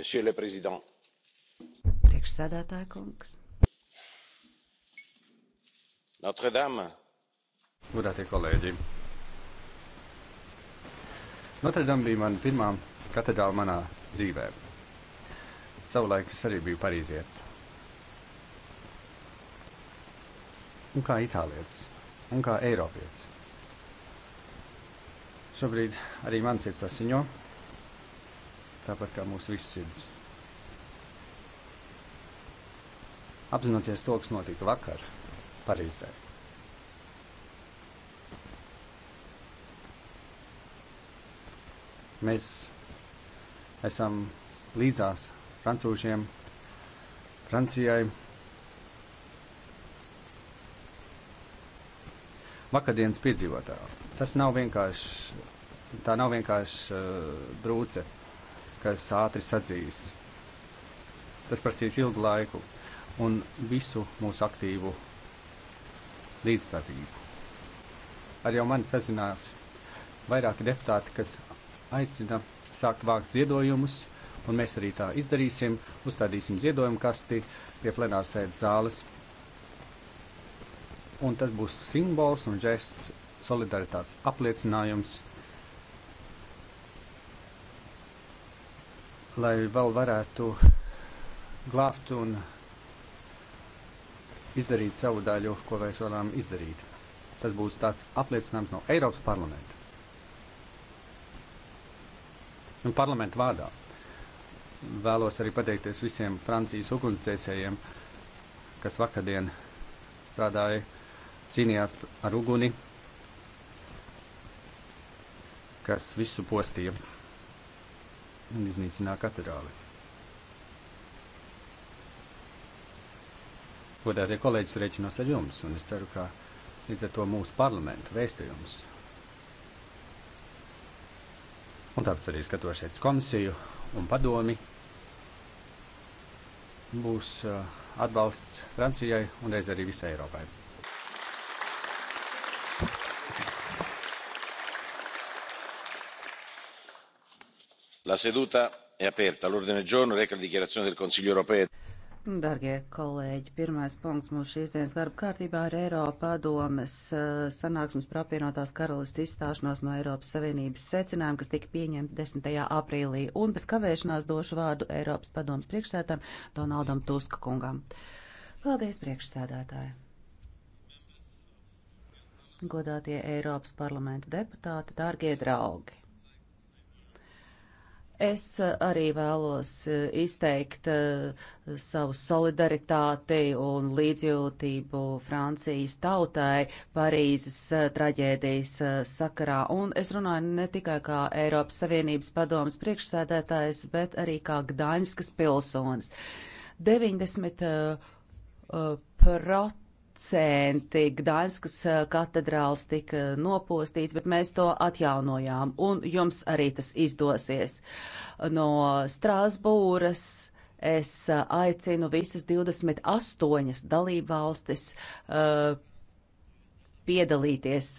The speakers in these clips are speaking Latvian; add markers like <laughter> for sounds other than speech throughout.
monsieur le président notre dame Godātie kolēģi, Notredam bija mana pirmā katedrāle manā dzīvē. Savulaik es arī biju parīzietis. Un kā itālietis, un kā eiropietis. Šobrīd arī mans sirds asiņo, tāpat kā mūsu visu sirds. Apzinoties to, kas notika vakar Parīzē. Mēs esam līdzās francūžiem, Francijai. Vakardienas piedzīvotā. Tas nav vienkārši, tā nav vienkārši uh, brūce kas ātri sadzīs. Tas prasīs ilgu laiku un visu mūsu aktīvu līdzdarbību. Arī jau mani sazinās vairāki deputāti, kas aicina sākt vākt ziedojumus, un mēs arī tā izdarīsim. Uzstādīsim ziedojumu kasti pie plenārsēdes zāles. Un tas būs simbols un žests solidaritātes apliecinājums lai vēl varētu glābt un izdarīt savu daļu, ko mēs varam izdarīt. Tas būs tāds apliecinājums no Eiropas parlamenta. Un parlamentu vārdā vēlos arī pateikties visiem Francijas ugunsdzēsējiem, kas vakardien strādāja, cīnījās ar uguni, kas visu postīja un iznīcināja katedrāli. Godātie kolēģis, rēķinos ar jums, un es ceru, ka līdz ar to mūsu parlamentu vēstījums. Un tāpēc arī skatos šeit komisiju un padomi. Būs uh, atbalsts Francijai un reiz arī visai Eiropai. la seduta è aperta l'ordine del giorno reca la dichiarazione del consiglio europeo Dargie kolēģi, pirmais punkts mūsu šīs dienas darba kārtībā ir Eiropa padomes eh, sanāksmes par apvienotās karalists izstāšanos no Eiropas Savienības secinājumu, kas tika pieņemta 10. aprīlī. Un bez kavēšanās došu vārdu Eiropas padomes priekšsētam Donaldam Tuska kungam. Paldies, priekšsēdētāji! Godātie Eiropas parlamenta deputāti, dārgie draugi! Es eh, arī vēlos eh, izteikt eh, savu solidaritāti un līdzjūtību Francijas tautai Parīzes traģēdijas sakarā. Un es runāju ne tikai kā Eiropas Savienības padomas priekšsēdētājs, bet arī kā Gdaņskas pilsonis. 90 uh, prot akcenti. Gdaļskas eh, katedrāls tika nopostīts, bet mēs to atjaunojām, un jums arī tas izdosies. No Strāsbūras es eh, aicinu visas 28 dalībvalstis uh, piedalīties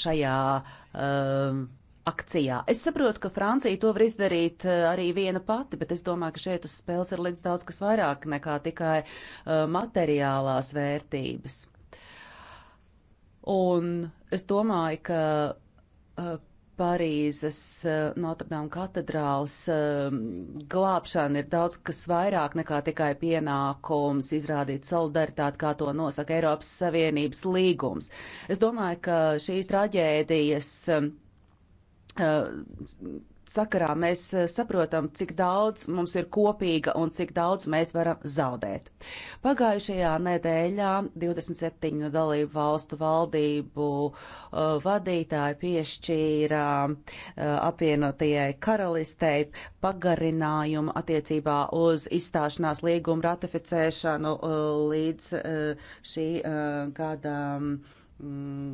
šajā uh, akcijā. Es saprotu, ka Francija to var izdarīt eh, arī viena pati, bet es domāju, ka šeit uz spēles ir līdz daudz kas vairāk nekā tikai eh, materiālās vērtības. Un es domāju, ka eh, Parīzes Notrdām katedrāls glābšana ir daudz kas vairāk nekā tikai pienākums izrādīt solidaritāti, kā to nosaka Eiropas Savienības līgums. Es domāju, ka šīs traģēdijas Eh, sakarā mēs eh, saprotam, cik daudz mums ir kopīga un cik daudz mēs varam zaudēt. Pagājušajā nedēļā 27 dalību valstu valdību eh, vadītāji piešķīra apvienotajai karalistei pagarinājumu attiecībā uz izstāšanās līgumu ratificēšanu līdz šī gada mm,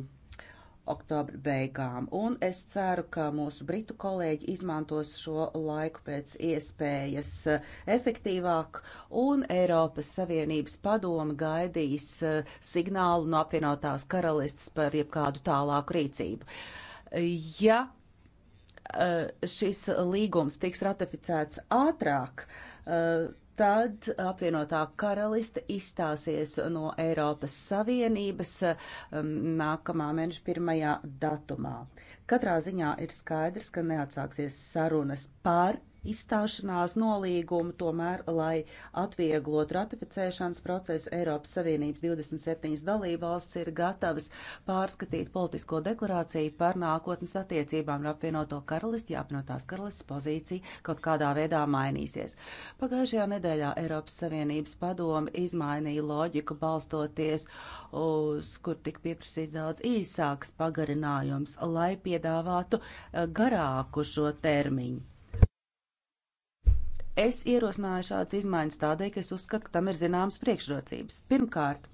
oktobra beigām, un es ceru, ka mūsu britu kolēģi izmantos šo laiku pēc iespējas eh, efektīvāk, un Eiropas Savienības padoma gaidīs eh, signālu no apvienotās karalistes par jebkādu tālāku rīcību. Ja eh, šis līgums tiks ratificēts ātrāk, tad apvienotā karaliste izstāsies no Eiropas Savienības um, nākamā mēneša pirmajā datumā. Katrā ziņā ir skaidrs, ka neatsāksies sarunas par izstāšanās nolīgumu, tomēr, lai atvieglotu ratificēšanas procesu, Eiropas Savienības 27 dalībvalsts ir gatavas pārskatīt politisko deklarāciju par nākotnes attiecībām ar apvienoto karalisti, ja apvienotās karalistas pozīcija kaut kādā veidā mainīsies. Pagājušajā nedēļā Eiropas Savienības padome izmainīja loģiku balstoties uz, kur tika pieprasīts daudz īsāks pagarinājums, lai piedāvātu eh, garāku šo termiņu. Es ierosināju šādas izmaiņas tādēļ, ka es uzskatu, ka tam ir zināmas priekšrocības. Pirmkārt,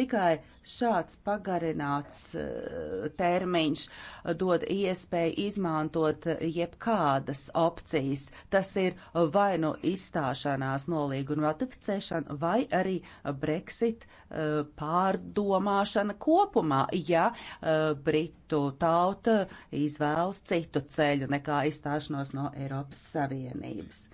Tikai šāds pagarināts eh, termiņš dod iespēju izmantot jebkādas opcijas. Tas ir vai nu no izstāšanās nolīguma ratificēšana, vai arī Brexit eh, pārdomāšana kopumā, ja eh, Britu tauta izvēlas citu ceļu nekā izstāšanos no Eiropas Savienības.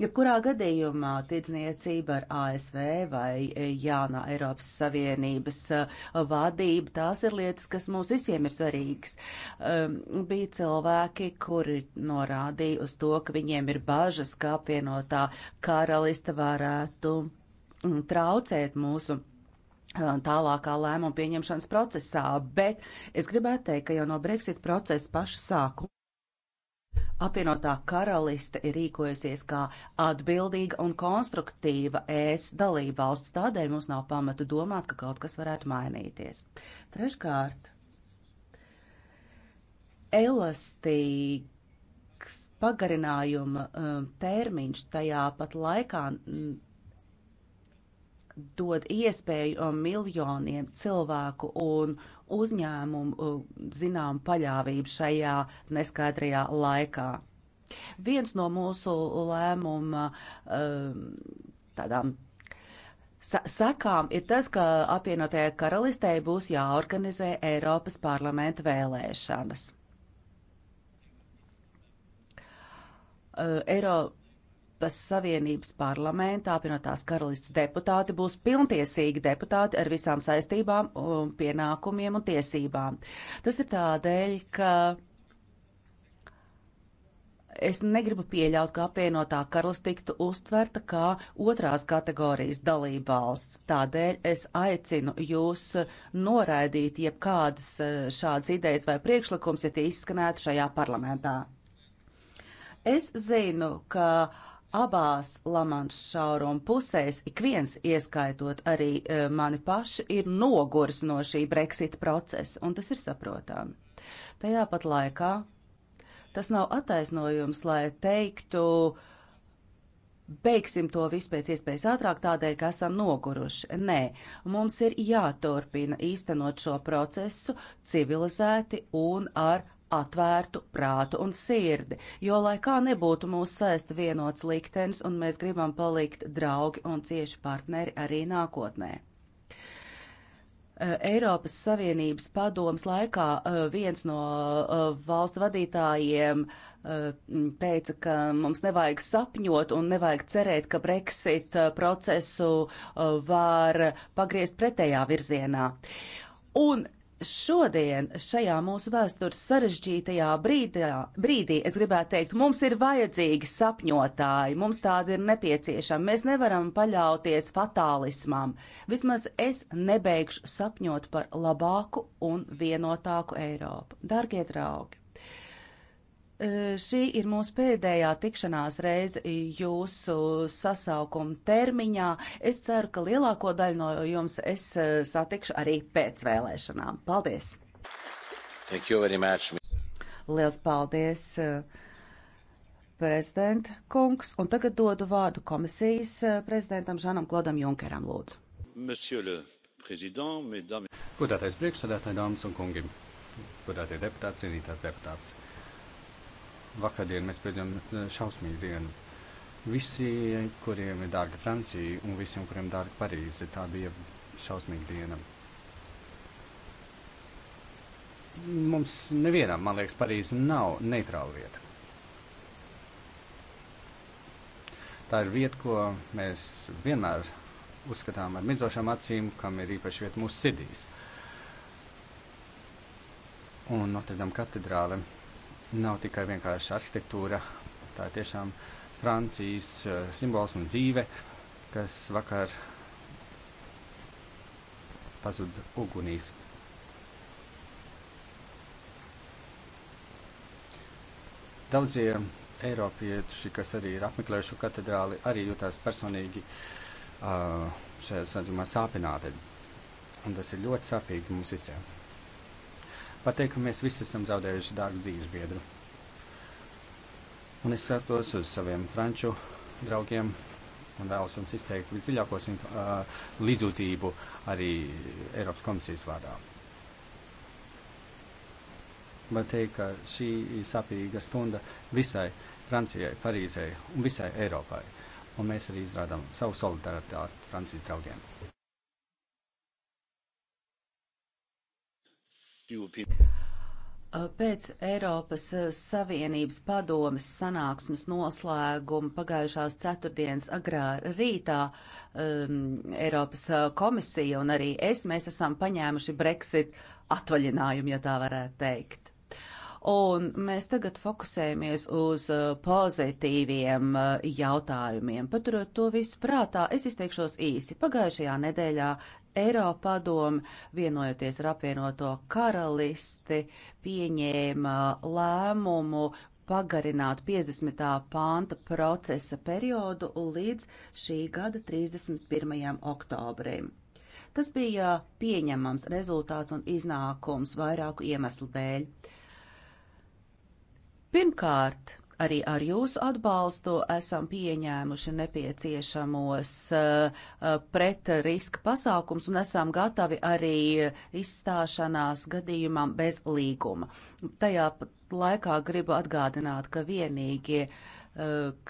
Jebkurā gadījumā tirdzniecība ar ASV vai jaunā Eiropas Savienības uh, vadība, tās ir lietas, kas mums visiem ir svarīgas. Um, bija cilvēki, kuri norādīja uz to, ka viņiem ir bažas, ka apvienotā karalista varētu mm, traucēt mūsu uh, tālākā lēmuma pieņemšanas procesā, bet es gribētu teikt, ka jau no Brexit procesa paša sākuma Apvienotā karaliste ir rīkojusies kā atbildīga un konstruktīva ES dalība valsts, tādēļ mums nav pamatu domāt, ka kaut kas varētu mainīties. Treškārt, elastīgs pagarinājuma um, termiņš tajā pat laikā. Um, dod iespēju um, miljoniem cilvēku un uzņēmumu uh, zinām paļāvību šajā neskaidrajā laikā. Viens no mūsu lēmuma um, tādām sekām ir tas, ka apvienotajai karalistei būs jāorganizē Eiropas parlamenta vēlēšanas. Uh, Eiro Eiropas Savienības parlamentā apvienotās karalistas deputāti būs pilntiesīgi deputāti ar visām saistībām, un um, pienākumiem un tiesībām. Tas ir tādēļ, ka es negribu pieļaut, ka apvienotā karalsts tiktu uztverta kā otrās kategorijas dalība valsts. Tādēļ es aicinu jūs noraidīt jebkādas uh, šādas idejas vai priekšlikums, ja tie izskanētu šajā parlamentā. Es zinu, ka abās Lamanšas šauruma pusēs, ik viens ieskaitot arī e, mani paši, ir nogurs no šī Brexit procesa, un tas ir saprotami. Tajā pat laikā tas nav attaisnojums, lai teiktu, beigsim to visu pēc iespējas ātrāk tādēļ, ka esam noguruši. Nē, mums ir jāturpina īstenot šo procesu civilizēti un ar atvērtu prātu un sirdi, jo lai kā nebūtu mūs saista vienots liktenis un mēs gribam palikt draugi un cieši partneri arī nākotnē. Eh, Eiropas Savienības padomas laikā eh, viens no eh, valstu vadītājiem teica, ka mums nevajag sapņot un nevajag cerēt, ka Brexit procesu var pagriezt pretējā virzienā. Un Šodien, šajā mūsu vēstures sarežģītajā brīdā, brīdī, es gribētu teikt, mums ir vajadzīgi sapņotāji, mums tādi ir nepieciešami. Mēs nevaram paļauties fatālismam. Vismaz es nebeigšu sapņot par labāku un vienotāku Eiropu. Dargie draugi! E, šī ir mūsu pēdējā tikšanās reize jūsu sasaukuma termiņā. Es ceru, ka lielāko daļu no jums es e, satikšu arī pēc vēlēšanām. Paldies! Liels paldies, e, prezidenta kungs, un tagad dodu vārdu komisijas prezidentam Žanam Klodam Junkeram lūdzu. Godātais priekšsēdētāji, dāmas un kungi, godātie deputāti, cienītās deputātas. Vakardien mēs piedzīvojam eh, šausmīgu dienu. Visi, kuriem ir dārga Francija un visiem, kuriem ir dārga Parīze, tā bija šausmīga diena. Mums nevienam, man liekas, Parīze nav neitrāla vieta. Tā ir vieta, ko mēs vienmēr uzskatām ar midzošām acīm, kam ir īpaši vieta mūsu sirdīs. Un Notre Dame katedrāle nav tikai vienkārši arhitektūra, tā ir tiešām Francijas uh, simbols un dzīve, kas vakar pazuda ugunīs. Daudzie Eiropieši, kas arī ir apmeklējuši katedrāli, arī jutās personīgi uh, šajā sadzumā sāpināti. Un tas ir ļoti sāpīgi mums visiem pateikt, ka mēs visi esam zaudējuši dārgu dzīvesbiedru. Un es skatos uz saviem franču draugiem un vēlos jums izteikt visdziļāko uh, līdzjūtību arī Eiropas komisijas vārdā. Man teikt, ka šī sāpīga stunda visai Francijai, Parīzei un visai Eiropai. Un mēs arī izrādām savu solidaritāti Francijas draugiem. Uh, pēc Eiropas uh, Savienības padomes sanāksmes noslēguma pagājušās ceturtdienas agrā rītā um, Eiropas uh, komisija un arī es, mēs esam paņēmuši Brexit atvaļinājumu, ja tā varētu teikt. Un mēs tagad fokusējamies uz pozitīviem jautājumiem. Paturot to visu prātā, es izteikšos īsi. Pagājušajā nedēļā Eiropadome, vienojoties ar apvienoto karalisti, pieņēma lēmumu pagarināt 50. pānta procesa periodu līdz šī gada 31. oktobrim. Tas bija pieņemams rezultāts un iznākums vairāku iemeslu dēļ. Pirmkārt, Arī ar jūsu atbalstu esam pieņēmuši nepieciešamos eh, pret riska pasākums un esam gatavi arī izstāšanās gadījumam bez līguma. Tajā laikā gribu atgādināt, ka vienīgie eh,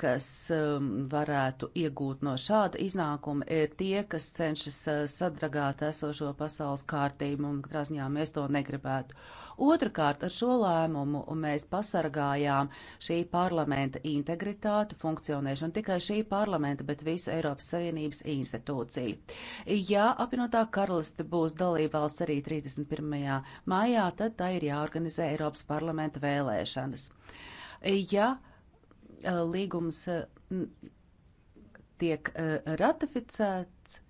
kas um, varētu iegūt no šāda iznākuma, ir tie, kas cenšas eh, sadragāt esošo pasaules kārtību, un katrā ziņā mēs to negribētu. Otrakārt, ar šo lēmumu mēs pasargājām šī parlamenta integritāti, funkcionēšanu tikai šī parlamenta, bet visu Eiropas Savienības institūciju. Ja apvienotā karaliste būs dalībvalsts arī 31. maijā, tad tā ir jāorganizē Eiropas parlamenta vēlēšanas. Ja eh, līgums eh, tiek eh, ratificēts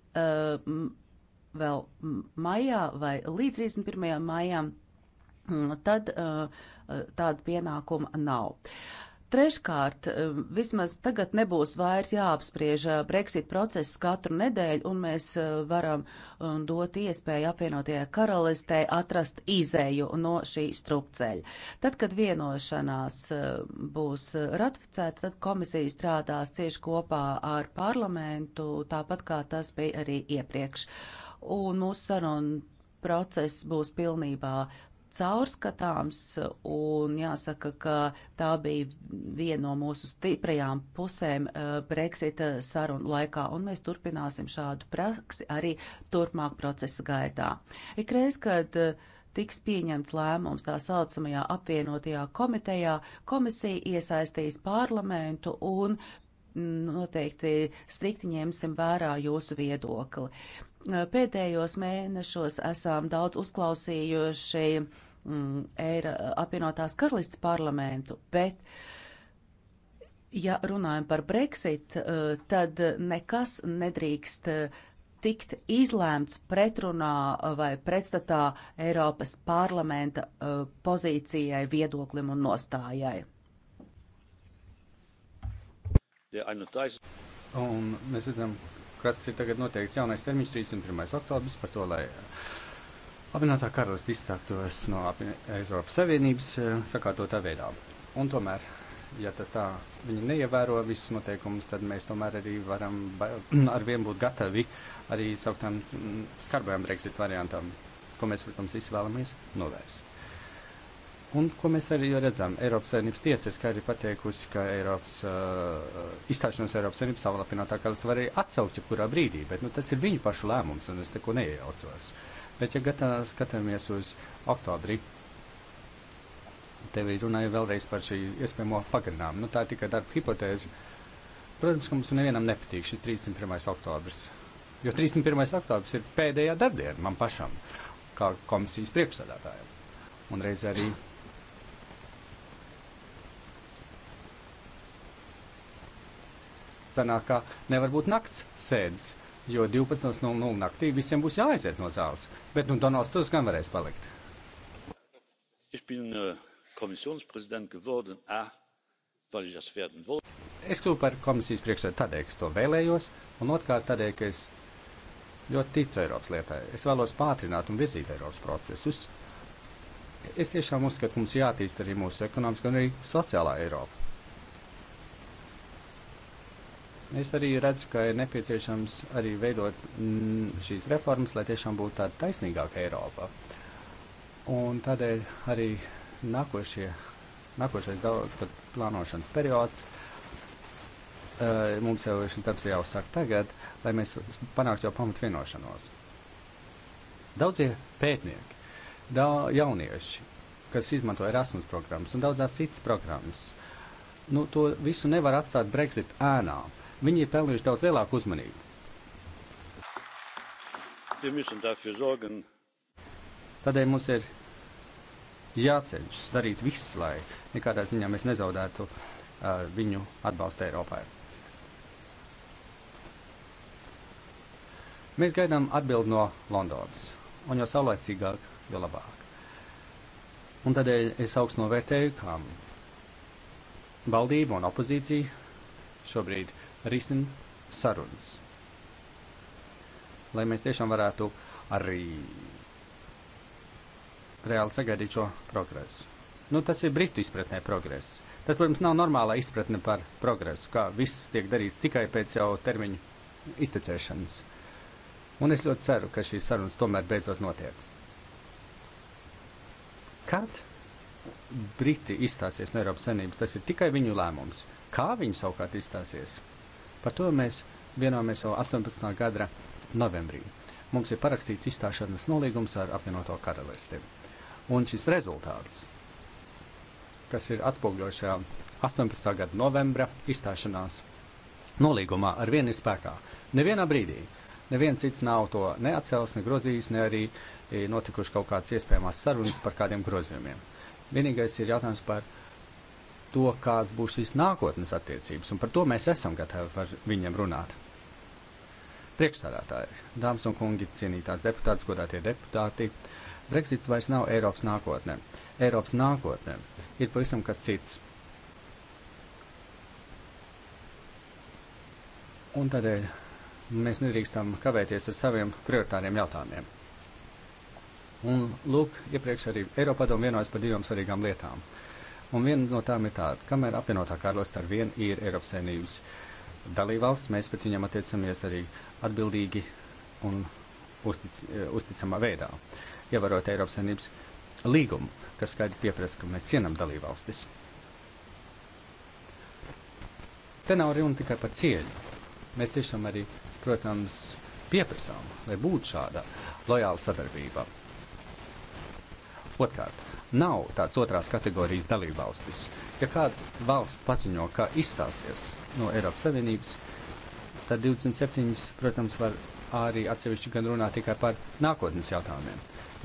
vēl maijā vai līdz 31. maijam, tad uh, uh, tāda pienākuma nav. Treškārt, uh, vismaz tagad nebūs vairs jāapspriež Brexit process katru nedēļu, un mēs varam um, dot iespēju apvienotajai karalistē atrast izēju no šī strupceļa. Tad, kad vienošanās būs ratificēta, tad komisija strādās cieši kopā ar parlamentu, tāpat kā tas bija arī iepriekš. Un mūsu saruna process būs pilnībā caurskatāms, un jāsaka, ka tā bija viena no mūsu stiprajām pusēm eh, Brexita eh, sarunu laikā, un mēs turpināsim šādu praksi arī turpmāk procesa gaitā. Ikreiz, kad eh, tiks pieņemts lēmums tā saucamajā apvienotajā komitejā, komisija iesaistīs parlamentu un mm, noteikti strikti ņemsim vērā jūsu viedokli. Pēdējos mēnešos esam daudz uzklausījuši mm, Eira apvienotās karalists parlamentu, bet uh, ja runājam par Brexit, eh, tad nekas nedrīkst eh, tikt izlēmts pretrunā vai pretstatā Eiropas parlamenta eh, pozīcijai, viedoklim un nostājai. Un mēs redzam, kas ir tagad noteikts jaunais termiņš 31. oktobris par to, lai apvienotā karalista izstāktos no Eiropas Savienības eh, sakārtotā veidā. Un tomēr, ja tas tā viņi neievēro visus noteikumus, tad mēs tomēr arī varam arvien <clears throat> būt gatavi arī sauktām mm, skarbajām Brexit variantām, ko mēs, protams, izvēlamies novērst. Un ko mēs arī redzam, Eiropas Savienības tiesa ir skaidri pateikusi, ka Eiropas, uh, uh izstāšanos Eiropas Savienības savlapinātā karalistē var arī atsaukt jebkurā brīdī, bet nu, tas ir viņu pašu lēmums, un es te ko neiejaucos. Bet, ja gatā, skatāmies uz oktobri, tevi runāja vēlreiz par šī iespējamo pagarinājumu. Nu, tā ir tikai darba hipotēze. Protams, ka mums nu nevienam nepatīk šis 31. oktobris, jo 31. oktobris ir pēdējā darbdiena man pašam, kā komisijas priekšsādātājam. Un reiz arī sanāk, ka nevar būt nakts sēdes, jo 12.00 nu, nu, naktī visiem būs jāaiziet no zāles. Bet nu, Donalds Tusk gan varēs palikt. Ich bin uh, Kommissionspräsident geworden, A, weil ich das werden wollte. Es kļuvu par komisijas priekšsēdu tādēļ, ka es to vēlējos, un otrkārt tādēļ, ka es ļoti ticu Eiropas lietai. Es vēlos pātrināt un virzīt Eiropas procesus. Es tiešām uzskatu, ka mums jātīst arī mūsu ekonomiskā un arī sociālā Eiropa. Es arī redzu, ka ir nepieciešams arī veidot mm, šīs reformas, lai tiešām būtu tāda taisnīgāka Eiropa. Un tādēļ arī nākošie, nākošais daudzgad plānošanas periods, eh, mums jau šis darbs jāuzsāk tagad, lai mēs panāktu jau pamat vienošanos. Daudzie pētnieki, da jaunieši, kas izmanto Erasmus programmas un daudzās citas programmas, nu, to visu nevar atstāt Brexit ēnām viņi ir pelnījuši daudz lielāku uzmanību. Tādēļ mums ir jācenšas darīt viss, lai nekādā ziņā mēs nezaudētu uh, viņu atbalstu Eiropā. Mēs gaidām atbildi no Londonas, un jo saulēcīgāk, jo labāk. Un tādēļ es augstu novērtēju, kā valdība un opozīcija šobrīd risina sarunas. Lai mēs tiešām varētu arī reāli sagaidīt šo progresu. Nu, tas ir britu izpratnē progress. Tas, protams, nav normālā izpratne par progresu, kā viss tiek darīts tikai pēc jau termiņu iztecēšanas. Un es ļoti ceru, ka šīs sarunas tomēr beidzot notiek. Kad Briti izstāsies no Eiropas Savienības, tas ir tikai viņu lēmums. Kā viņi savukārt izstāsies? Par to mēs vienojamies jau 18. gada novembrī. Mums ir parakstīts izstāšanās nolīgums ar apvienoto karalisti. Un šis rezultāts, kas ir atspoguļots šajā 18. gada novembra izstāšanās nolīgumā, ar vienu ir spēkā. Nevienā brīdī neviens cits nav to neatcēlis, ne grozījis, ne arī e, notikuši kaut kādas iespējamas sarunas par kādiem grozījumiem. Vienīgais ir jautājums par to, kāds būs šīs nākotnes attiecības, un par to mēs esam gatavi ar viņiem runāt. Priekšsādātāji, dāmas un kungi, cienītās deputātas, godātie deputāti, Brexits vairs nav Eiropas nākotne. Eiropas nākotne ir pavisam kas cits. Un tādēļ mēs nedrīkstam kavēties ar saviem prioritāriem jautājumiem. Un lūk, iepriekš arī Eiropa padomu vienojas par divām svarīgām lietām Un viena no tām ir tāda, kamēr apvienotā karalista ar vienu ir Eiropas saimnības dalībvalsts, mēs pret viņiem attiecamies arī atbildīgi un uztic, uzticamā veidā, ievarot Eiropas saimnības līgumu, kas skaidri pieprasa, ka mēs cienam dalībvalstis. Te nav runa tikai par cieļu. Mēs tiešām arī, protams, pieprasām, lai būtu šāda lojāla sadarbība. Otkārt, nav tāds otrās kategorijas dalībvalstis. Ja kāda valsts paziņo, ka izstāsies no Eiropas Savienības, tad 27, protams, var arī atsevišķi gan runāt tikai par nākotnes jautājumiem.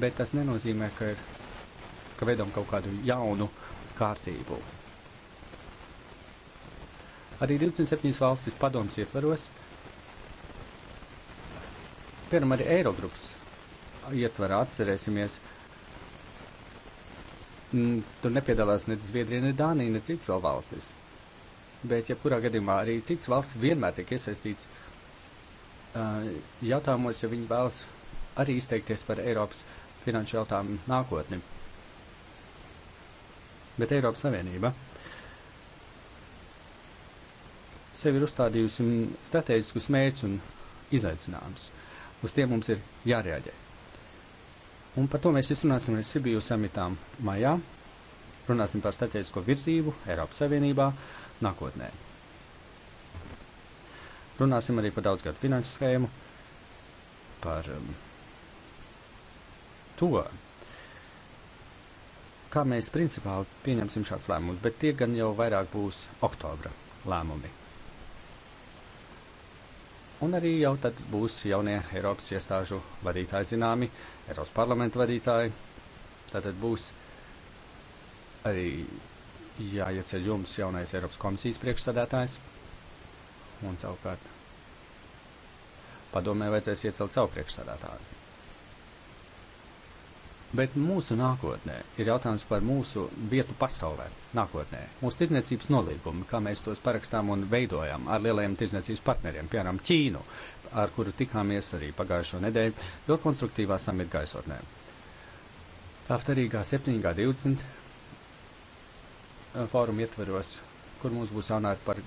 Bet tas nenozīmē, ka, ir, ka veidam kaut kādu jaunu kārtību. Arī 27 valstis padomus ietvaros, piemēram, arī Eirogrupas ietvarā atcerēsimies, ka Tur nepiedalās ne Zviedrija, ne Dānija, ne citas vēl valstis. Bet, ja kurā gadījumā arī citas valsts vienmēr tiek iesaistīts uh, jautājumos, ja viņi vēlas arī izteikties par Eiropas finanšu jautājumu nākotni. Bet Eiropas Savienība sev ir uzstādījusi strateģiskus mērķus un izaicinājumus. Uz tiem mums ir jārēģē. Un par to mēs runāsim arī Sibiju samitām maijā. Runāsim par strateģisko virzību Eiropas Savienībā nākotnē. Runāsim arī par daudzgadu finanšu schēmu, par um, to, kā mēs principāli pieņemsim šādus lēmumus, bet tie gan jau vairāk būs oktobra lēmumi. Un arī jau tad būs jaunie Eiropas iestāžu vadītāji zināmi, Eiropas parlamenta vadītāji. Tātad būs arī jāieceļ jums jaunais Eiropas komisijas priekšsādātājs. Un savukārt padomē vajadzēs iecelt savu priekšsādātāju. Bet mūsu nākotnē ir jautājums par mūsu vietu pasaulē, nākotnē, mūsu tirdzniecības nolīgumu, kā mēs tos parakstām un veidojam ar lielajiem tirdzniecības partneriem, piemēram, Ķīnu, ar kuru tikāmies arī pagājušo nedēļu, ļoti konstruktīvā samita gaisotnē. Tāpat arī G7, G20 eh, fórumu ietveros, kur mums būs jānāk par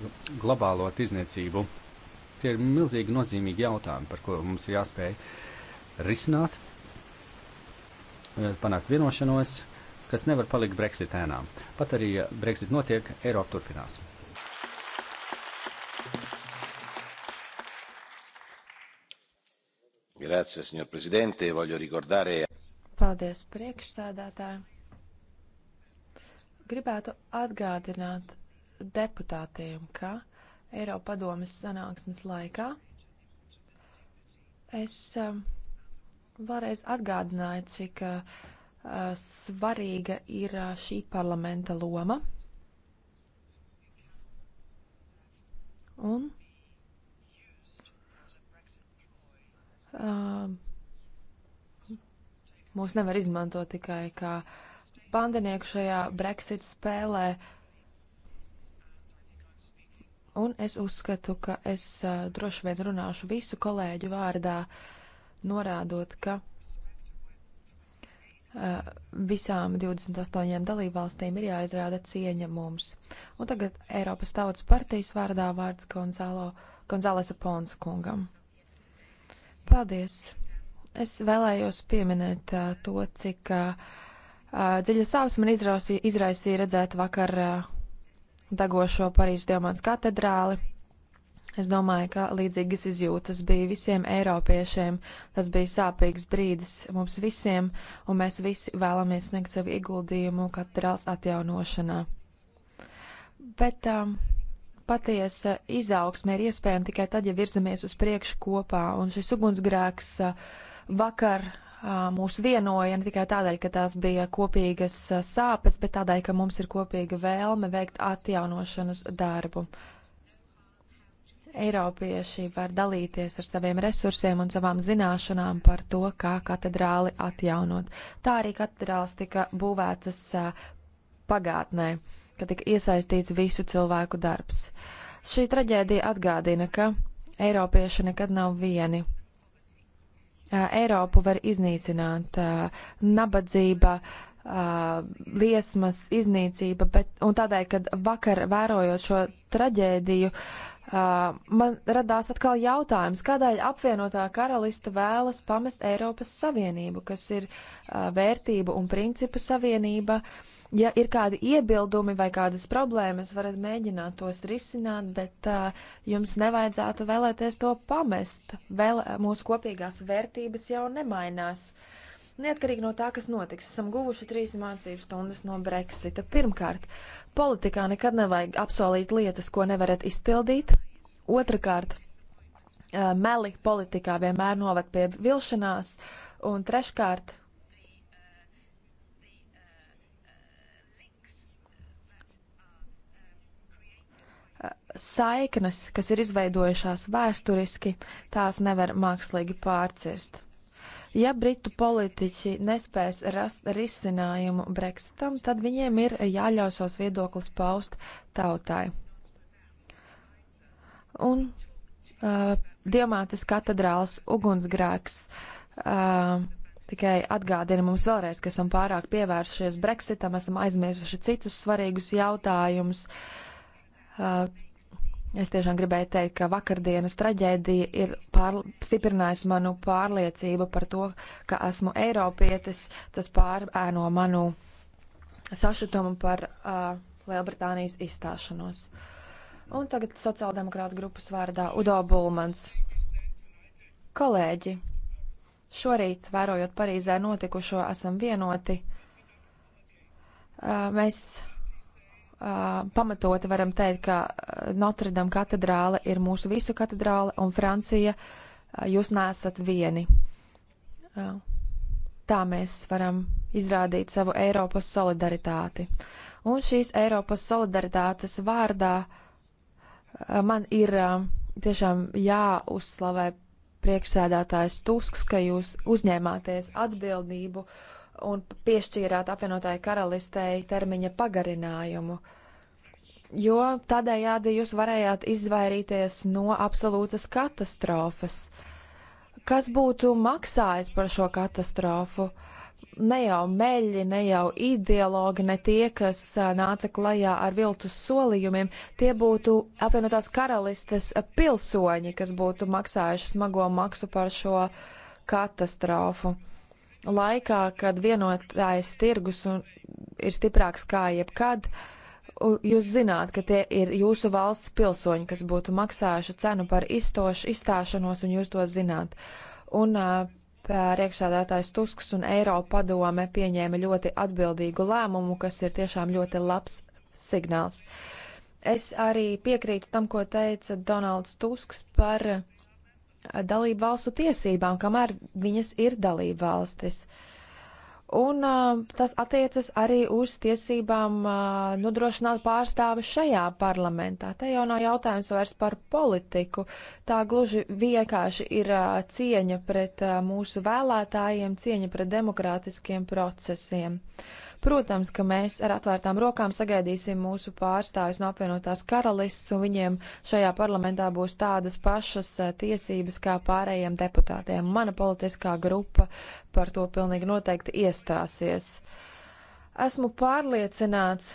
globālo tirdzniecību. Tie ir milzīgi nozīmīgi jautājumi, par ko mums ir jāspēj risināt Eh, panākt vienošanos, kas nevar palikt Brexit ēnām. Pat arī, ja Brexit notiek, Eiropa turpinās. Grazie, signor Presidente. Voglio ricordare. Paldies, priekšsēdētāji. Gribētu atgādināt deputātiem, ka Eiropadomes sanāksmes laikā es um, vēlreiz atgādināja, cik uh, uh, svarīga ir uh, šī parlamenta loma. Un uh, mūs nevar izmantot tikai kā pandenieku šajā Brexit spēlē. Un es uzskatu, ka es uh, droši vien runāšu visu kolēģu vārdā. Uh, norādot, ka uh, visām 28 dalībvalstīm ir jāizrāda cieņa mums. Un tagad Eiropas Tautas partijas vārdā vārds Gonzalo, Gonzalesa Pons kungam. Paldies! Es vēlējos pieminēt uh, to, cik uh, dziļa sāpes man izrausīja, izraisīja redzēt vakar uh, degošo Parīzes diamāns katedrāli Es domāju, ka līdzīgas izjūtas bija visiem eiropiešiem. Tas bija sāpīgs brīdis mums visiem, un mēs visi vēlamies sniegt savu ieguldījumu katrās atjaunošanā. Bet um, patiesa izaugsme ir iespējama tikai tad, ja virzamies uz priekšu kopā, un šis ugunsgrēks uh, vakar uh, mūs vienoja ne tikai tādēļ, ka tās bija kopīgas uh, sāpes, bet tādēļ, ka mums ir kopīga vēlme veikt atjaunošanas darbu. Uh, Eiropieši var dalīties ar saviem resursiem un savām zināšanām par to, kā katedrāli atjaunot. Tā arī katedrāls tika būvētas pagātnē, kad tika iesaistīts visu cilvēku darbs. Šī traģēdija atgādina, ka Eiropieši nekad nav vieni. Eiropu var iznīcināt nabadzība, liesmas, iznīcība, bet, un tādēļ, kad vakar vērojot šo traģēdiju, uh, Uh, man radās atkal jautājums, kādēļ apvienotā karalista vēlas pamest Eiropas Savienību, kas ir uh, vērtību un principu savienība. Ja ir kādi iebildumi vai kādas problēmas, varat mēģināt tos risināt, bet uh, jums nevajadzētu vēlēties to pamest. Vēl, uh, mūsu kopīgās vērtības jau nemainās. Neatkarīgi no tā, kas notiks, esam guvuši trīs mācību stundas no Brexita. Pirmkārt, politikā nekad nevajag apsolīt lietas, ko nevarat izpildīt. Otrakārt, meli politikā vienmēr novad pie vilšanās, un treškārt, saiknes, kas ir izveidojušās vēsturiski, tās nevar mākslīgi pārcirst. Ja britu politiķi nespēs rast risinājumu Brexitam, tad viņiem ir jāļauj savs viedoklis paust tautai un uh, Diamantas katedrāls ugunsgrēks. Uh, tikai atgādina mums vēlreiz, ka esam pārāk pievērsušies Brexitam, esam aizmirsuši citus svarīgus jautājumus. Uh, es tiešām gribēju teikt, ka vakardienas traģēdija ir pār, stiprinājusi manu pārliecību par to, ka esmu Eiropietis, tas pārēno manu sašutumu par uh, Lielbritānijas izstāšanos. Uh, Un tagad sociāldemokrāta grupas vārdā Udo Bulmans. Kolēģi, šorīt, vērojot Parīzē notikušo, esam vienoti. Mēs pamatoti varam teikt, ka Notre-Dame katedrāle ir mūsu visu katedrāle, un Francija, jūs nesat vieni. Tā mēs varam izrādīt savu Eiropas solidaritāti. Un šīs Eiropas solidaritātes vārdā uh, Man ir tiešām jāuzslavē priekšsēdētājs Tusks, ka jūs uzņēmāties atbildību un piešķīrāt apvienotāju karalistei termiņa pagarinājumu. Jo tādējādi jūs varējāt izvairīties no absolūtas katastrofas. Kas būtu maksājis par šo katastrofu? Uh, ne jau meļi, ne jau ideologi, ne tie, kas nāca klajā ar viltus solījumiem, tie būtu apvienotās karalistes pilsoņi, kas būtu maksājuši smago maksu par šo katastrofu. Laikā, kad vienotājs tirgus ir stiprāks kā jebkad, jūs zināt, ka tie ir jūsu valsts pilsoņi, kas būtu maksājuši cenu par izstošu, izstāšanos, un jūs to zināt. Un uh, priekšsēdētājs Tusks un Eiropa padome pieņēma ļoti atbildīgu lēmumu, kas ir tiešām ļoti labs signāls. Es arī piekrītu tam, ko teica Donalds Tusks par dalību valstu tiesībām, kamēr viņas ir dalību valstis. Uh, Un uh, tas attiecas arī uz tiesībām uh, nodrošināt pārstāvi šajā parlamentā. Te jau nav jautājums vairs par politiku. Tā gluži vienkārši ir uh, cieņa pret uh, mūsu vēlētājiem, cieņa pret demokrātiskiem procesiem. Uh, Protams, ka mēs ar atvērtām rokām sagaidīsim mūsu pārstāvis no apvienotās karalists, un viņiem šajā parlamentā būs tādas pašas eh, tiesības kā pārējiem deputātiem. Mana politiskā grupa par to pilnīgi noteikti iestāsies. Esmu pārliecināts,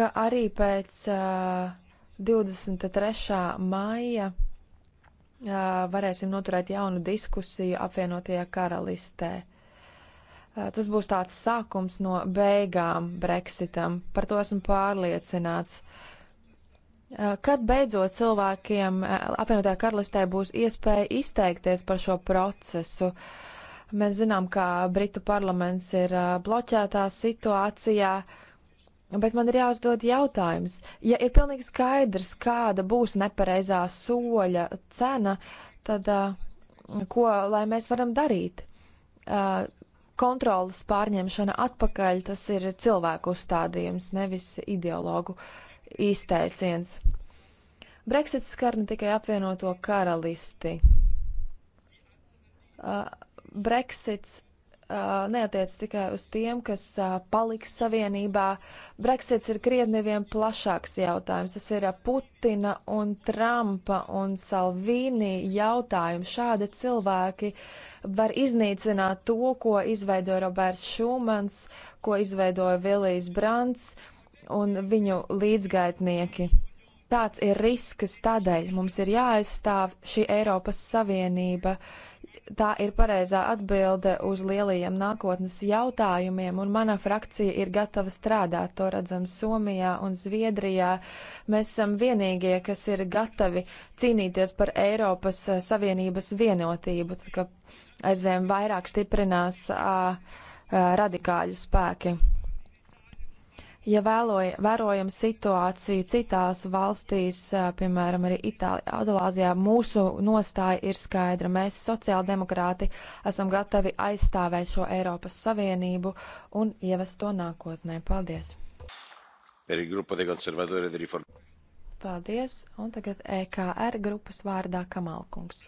ka arī pēc uh, eh, 23. maija uh, varēsim noturēt jaunu diskusiju apvienotajā karalistē. Tas būs tāds sākums no beigām Brexitam. Par to esmu pārliecināts. Kad beidzot cilvēkiem apvienotā karalistē būs iespēja izteikties par šo procesu? Mēs zinām, ka Britu parlaments ir bloķētā situācijā, bet man ir jāuzdod jautājums. Ja ir pilnīgi skaidrs, kāda būs nepareizā soļa cena, tad ko lai mēs varam darīt? kontrolas pārņemšana atpakaļ, tas ir cilvēku uzstādījums, nevis ideologu izteiciens. Brexits skar ne tikai apvienoto karalisti. Uh, Brexits Uh, neatiec tikai uz tiem, kas uh, paliks savienībā. Brexits ir krietni vien plašāks jautājums. Tas ir uh, Putina un Trumpa un Salvīni jautājums. Šādi cilvēki var iznīcināt to, ko izveidoja Roberts Šumans, ko izveidoja Vilijs Brants un viņu līdzgaitnieki. Tāds ir risks, tādēļ mums ir jāaizstāv šī Eiropas Savienība. Uh, tā ir pareizā atbilde uz lielajiem nākotnes jautājumiem, un mana frakcija ir gatava strādāt. To redzam Somijā un Zviedrijā. Mēs esam vienīgie, kas ir gatavi cīnīties par Eiropas eh, Savienības vienotību, tad, ka aizvien vairāk stiprinās a, a, radikāļu spēki. Ja vēloja, vērojam situāciju citās valstīs, piemēram, arī Itālijā, Adolāzijā, mūsu nostāja ir skaidra. Mēs, sociāldemokrāti, esam gatavi aizstāvēt šo Eiropas Savienību un ievest to nākotnē. Paldies! E Paldies, un tagad EKR grupas vārdā Kamalkungs.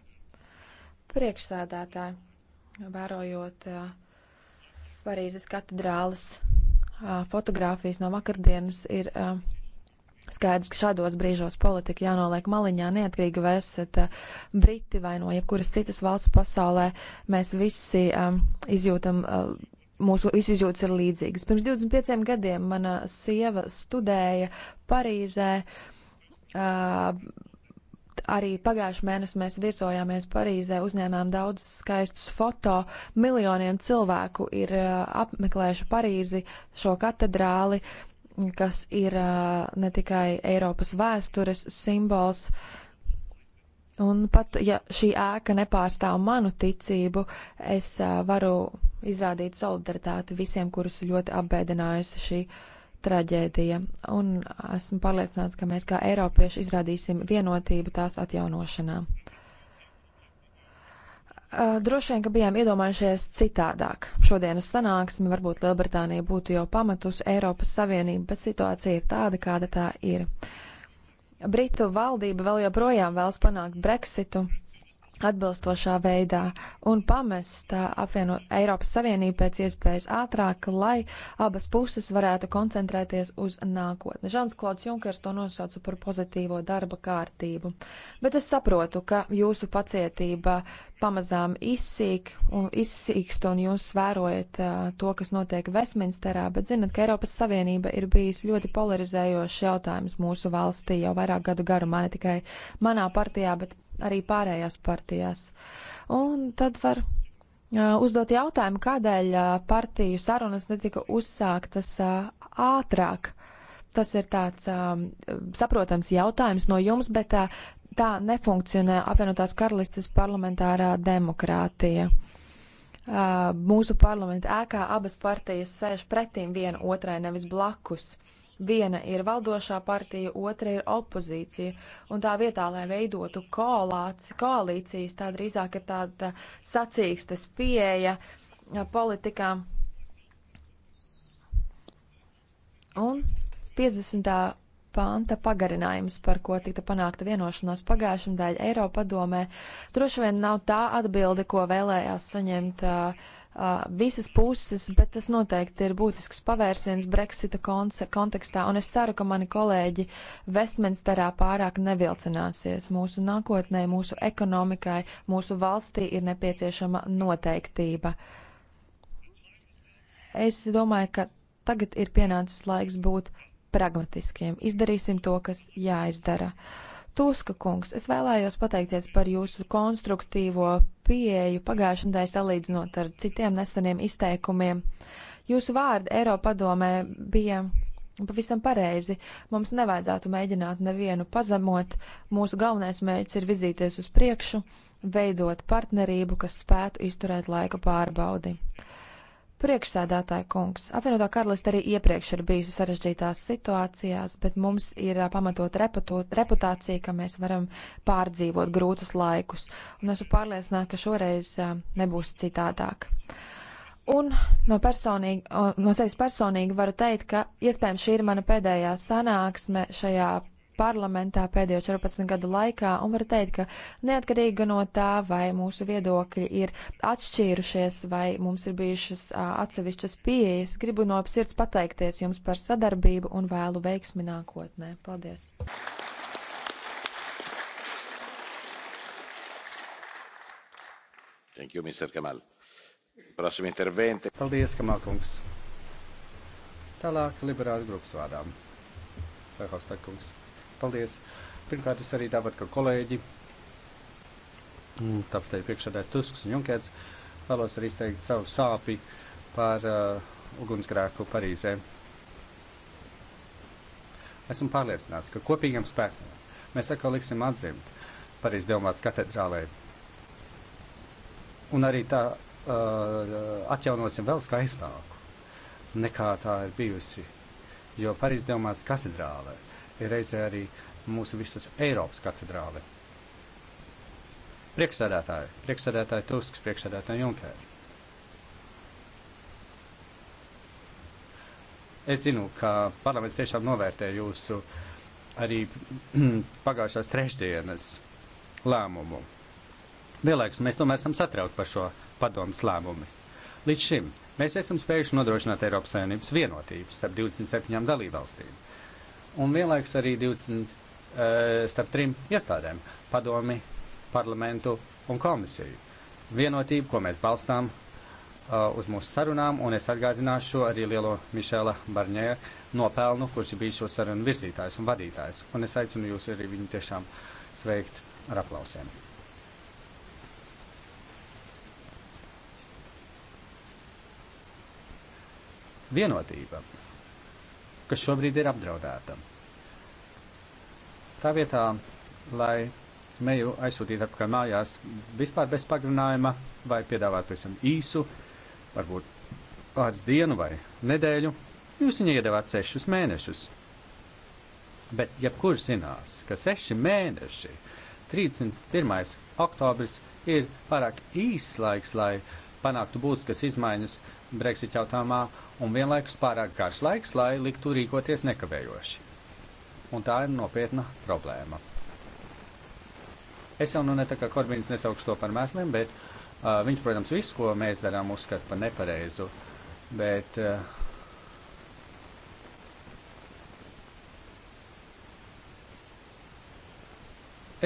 Priekšsēdētāji, vērojot Parīzes katedrālas fotogrāfijas no vakardienas ir skaidrs, ka šādos brīžos politika jānoliek maliņā, neatkarīgi vai esat briti vai no jebkuras citas valsts pasaulē. Mēs visi izjūtam mūsu izjūtas ir līdzīgas. Pirms 25 gadiem mana sieva studēja Parīzē. Uh, Arī pagājušajā mēnesī mēs viesojāmies Parīzē, uzņēmām daudz skaistus foto. Miljoniem cilvēku ir apmeklējuši Parīzi, šo katedrāli, kas ir ne tikai Eiropas vēstures simbols. Un pat ja šī ēka nepārstāv manu ticību, es varu izrādīt solidaritāti visiem, kurus ļoti apbēdinājusi šī ēka traģēdija, un esmu pārliecināts, ka mēs kā Eiropieši izrādīsim vienotību tās atjaunošanā. Droši vien, ka bijām iedomājušies citādāk. Šodienas sanāksme varbūt Lielbritānija būtu jau pamatus Eiropas Savienību, bet situācija ir tāda, kāda tā ir. Britu valdība vēl joprojām vēlas panākt Brexitu, atbilstošā veidā un pamest apvienot Eiropas Savienību pēc iespējas ātrāk, lai abas puses varētu koncentrēties uz nākotni. Žans Klods Junkers to nosauca par pozitīvo darba kārtību. Bet es saprotu, ka jūsu pacietība pamazām izsīk un izsīkst un jūs vērojat uh, to, kas notiek Vestminsterā, bet zinat, ka Eiropas Savienība ir bijis ļoti polarizējošs jautājums mūsu valstī jau vairāk gadu garumā, ne tikai manā partijā, bet arī pārējās partijās. Un tad var uzdot jautājumu, kādēļ partiju sarunas netika uzsāktas ātrāk. Tas ir tāds saprotams jautājums no jums, bet tā nefunkcionē apvienotās karalistes parlamentārā demokrātija. Mūsu parlamenta ēkā abas partijas sēž pretīm viena otrai, nevis blakus. Viena ir valdošā partija, otra ir opozīcija, un tā vietā, lai veidotu koalāci, koalīcijas, tā drīzāk ir tāda sacīkstes pieeja politikā. Un 50 panta pagarinājums, par ko tika panākta vienošanās pagājušajā nedēļā Eiropadomē, droši vien nav tā atbilde, ko vēlējās saņemt uh, uh, visas puses, bet tas noteikti ir būtisks pavērsiens Brexita kontekstā, un es ceru, ka mani kolēģi Westminsterā pārāk nevilcināsies. Mūsu nākotnē, mūsu ekonomikai, mūsu valstī ir nepieciešama noteiktība. Es domāju, ka tagad ir pienācis laiks būt pragmatiskiem. Izdarīsim to, kas jāizdara. Tuska kungs, es vēlējos pateikties par jūsu konstruktīvo pieeju pagājušajā nedēļā salīdzinot ar citiem neseniem izteikumiem. Jūsu vārdi Eiropadomē bija pavisam pareizi. Mums nevajadzētu mēģināt nevienu pazemot. Mūsu galvenais mērķis ir virzīties uz priekšu, veidot partnerību, kas spētu izturēt laika pārbaudi. Priekšsēdētāja kungs, apvienotā karaliste arī iepriekš ir bijusi sarežģītās situācijās, bet mums ir pamatot reputot, reputācija, ka mēs varam pārdzīvot grūtus laikus, un esmu pārliecināta, ka šoreiz nebūs citādāk. Un no, no sevis personīgi varu teikt, ka iespējams šī ir mana pēdējā sanāksme šajā parlamentā pēdējo 14 gadu laikā, un var teikt, ka neatkarīgi no tā, vai mūsu viedokļi ir atšķīrušies, vai mums ir bijušas atsevišķas pieejas, gribu no sirds pateikties jums par sadarbību un vēlu veiksmi nākotnē. Paldies! Thank you, Mr. Kamal. Prasim interventi. Paldies, Kamal kungs. Tālāk liberāļu grupas vārdām. Verhofstadt kungs. Paldies! Pirmkārt, es arī tāpat kā kolēģi, tāpēc te ir priekšsēdājs Tusks un Junkers, vēlos arī izteikt savu sāpi par uh, ugunsgrēku Parīzē. Esmu pārliecināts, ka kopīgiem spēkiem mēs atkal liksim atzimt Parīzes Dienvidas katedrālē. Un arī tā uh, atjaunosim vēl skaistāku nekā tā ir bijusi. Jo Parīzes Dienvidas katedrālē ir reizē arī mūsu visas Eiropas katedrāle. Priekšsēdētāji, priekšsēdētāji Tusks, priekšsēdētāji Junkēri. Es zinu, ka parlaments tiešām novērtē jūsu arī <clears throat> pagājušās trešdienas lēmumu. Vienlaikus mēs tomēr esam satraukti par šo padomus lēmumu. Līdz šim mēs esam spējuši nodrošināt Eiropas Savienības vienotību starp 27 dalībvalstīm un vienlaiks arī 20 eh, starp trim iestādēm - padomi, parlamentu un komisiju. Vienotību, ko mēs balstām eh, uz mūsu sarunām, un es atgādināšu arī lielo Mišela Barņē nopelnu, kurš bija šo sarunu virzītājs un vadītājs, un es aicinu jūs arī viņu tiešām sveikt ar aplausiem. Vienotība kas šobrīd ir apdraudēta. Tā vietā, lai meju aizsūtītu atpakaļ mājās vispār bez pagrinājuma vai piedāvāt pavisam īsu, varbūt pāris dienu vai nedēļu, jūs viņai iedavāt sešus mēnešus. Bet jebkurš zinās, ka seši mēneši, 31. oktobris, ir pārāk īss laiks, lai uh, panāktu būtiskas izmaiņas Brexit jautājumā un vienlaikus pārāk garš laiks, lai liktu rīkoties nekavējoši. Un tā ir nopietna problēma. Es jau nu ne tā kā Korbīns nesaukšu to par mēsliem, bet uh, viņš, protams, visu, ko mēs darām, uzskata par nepareizu. Bet, uh,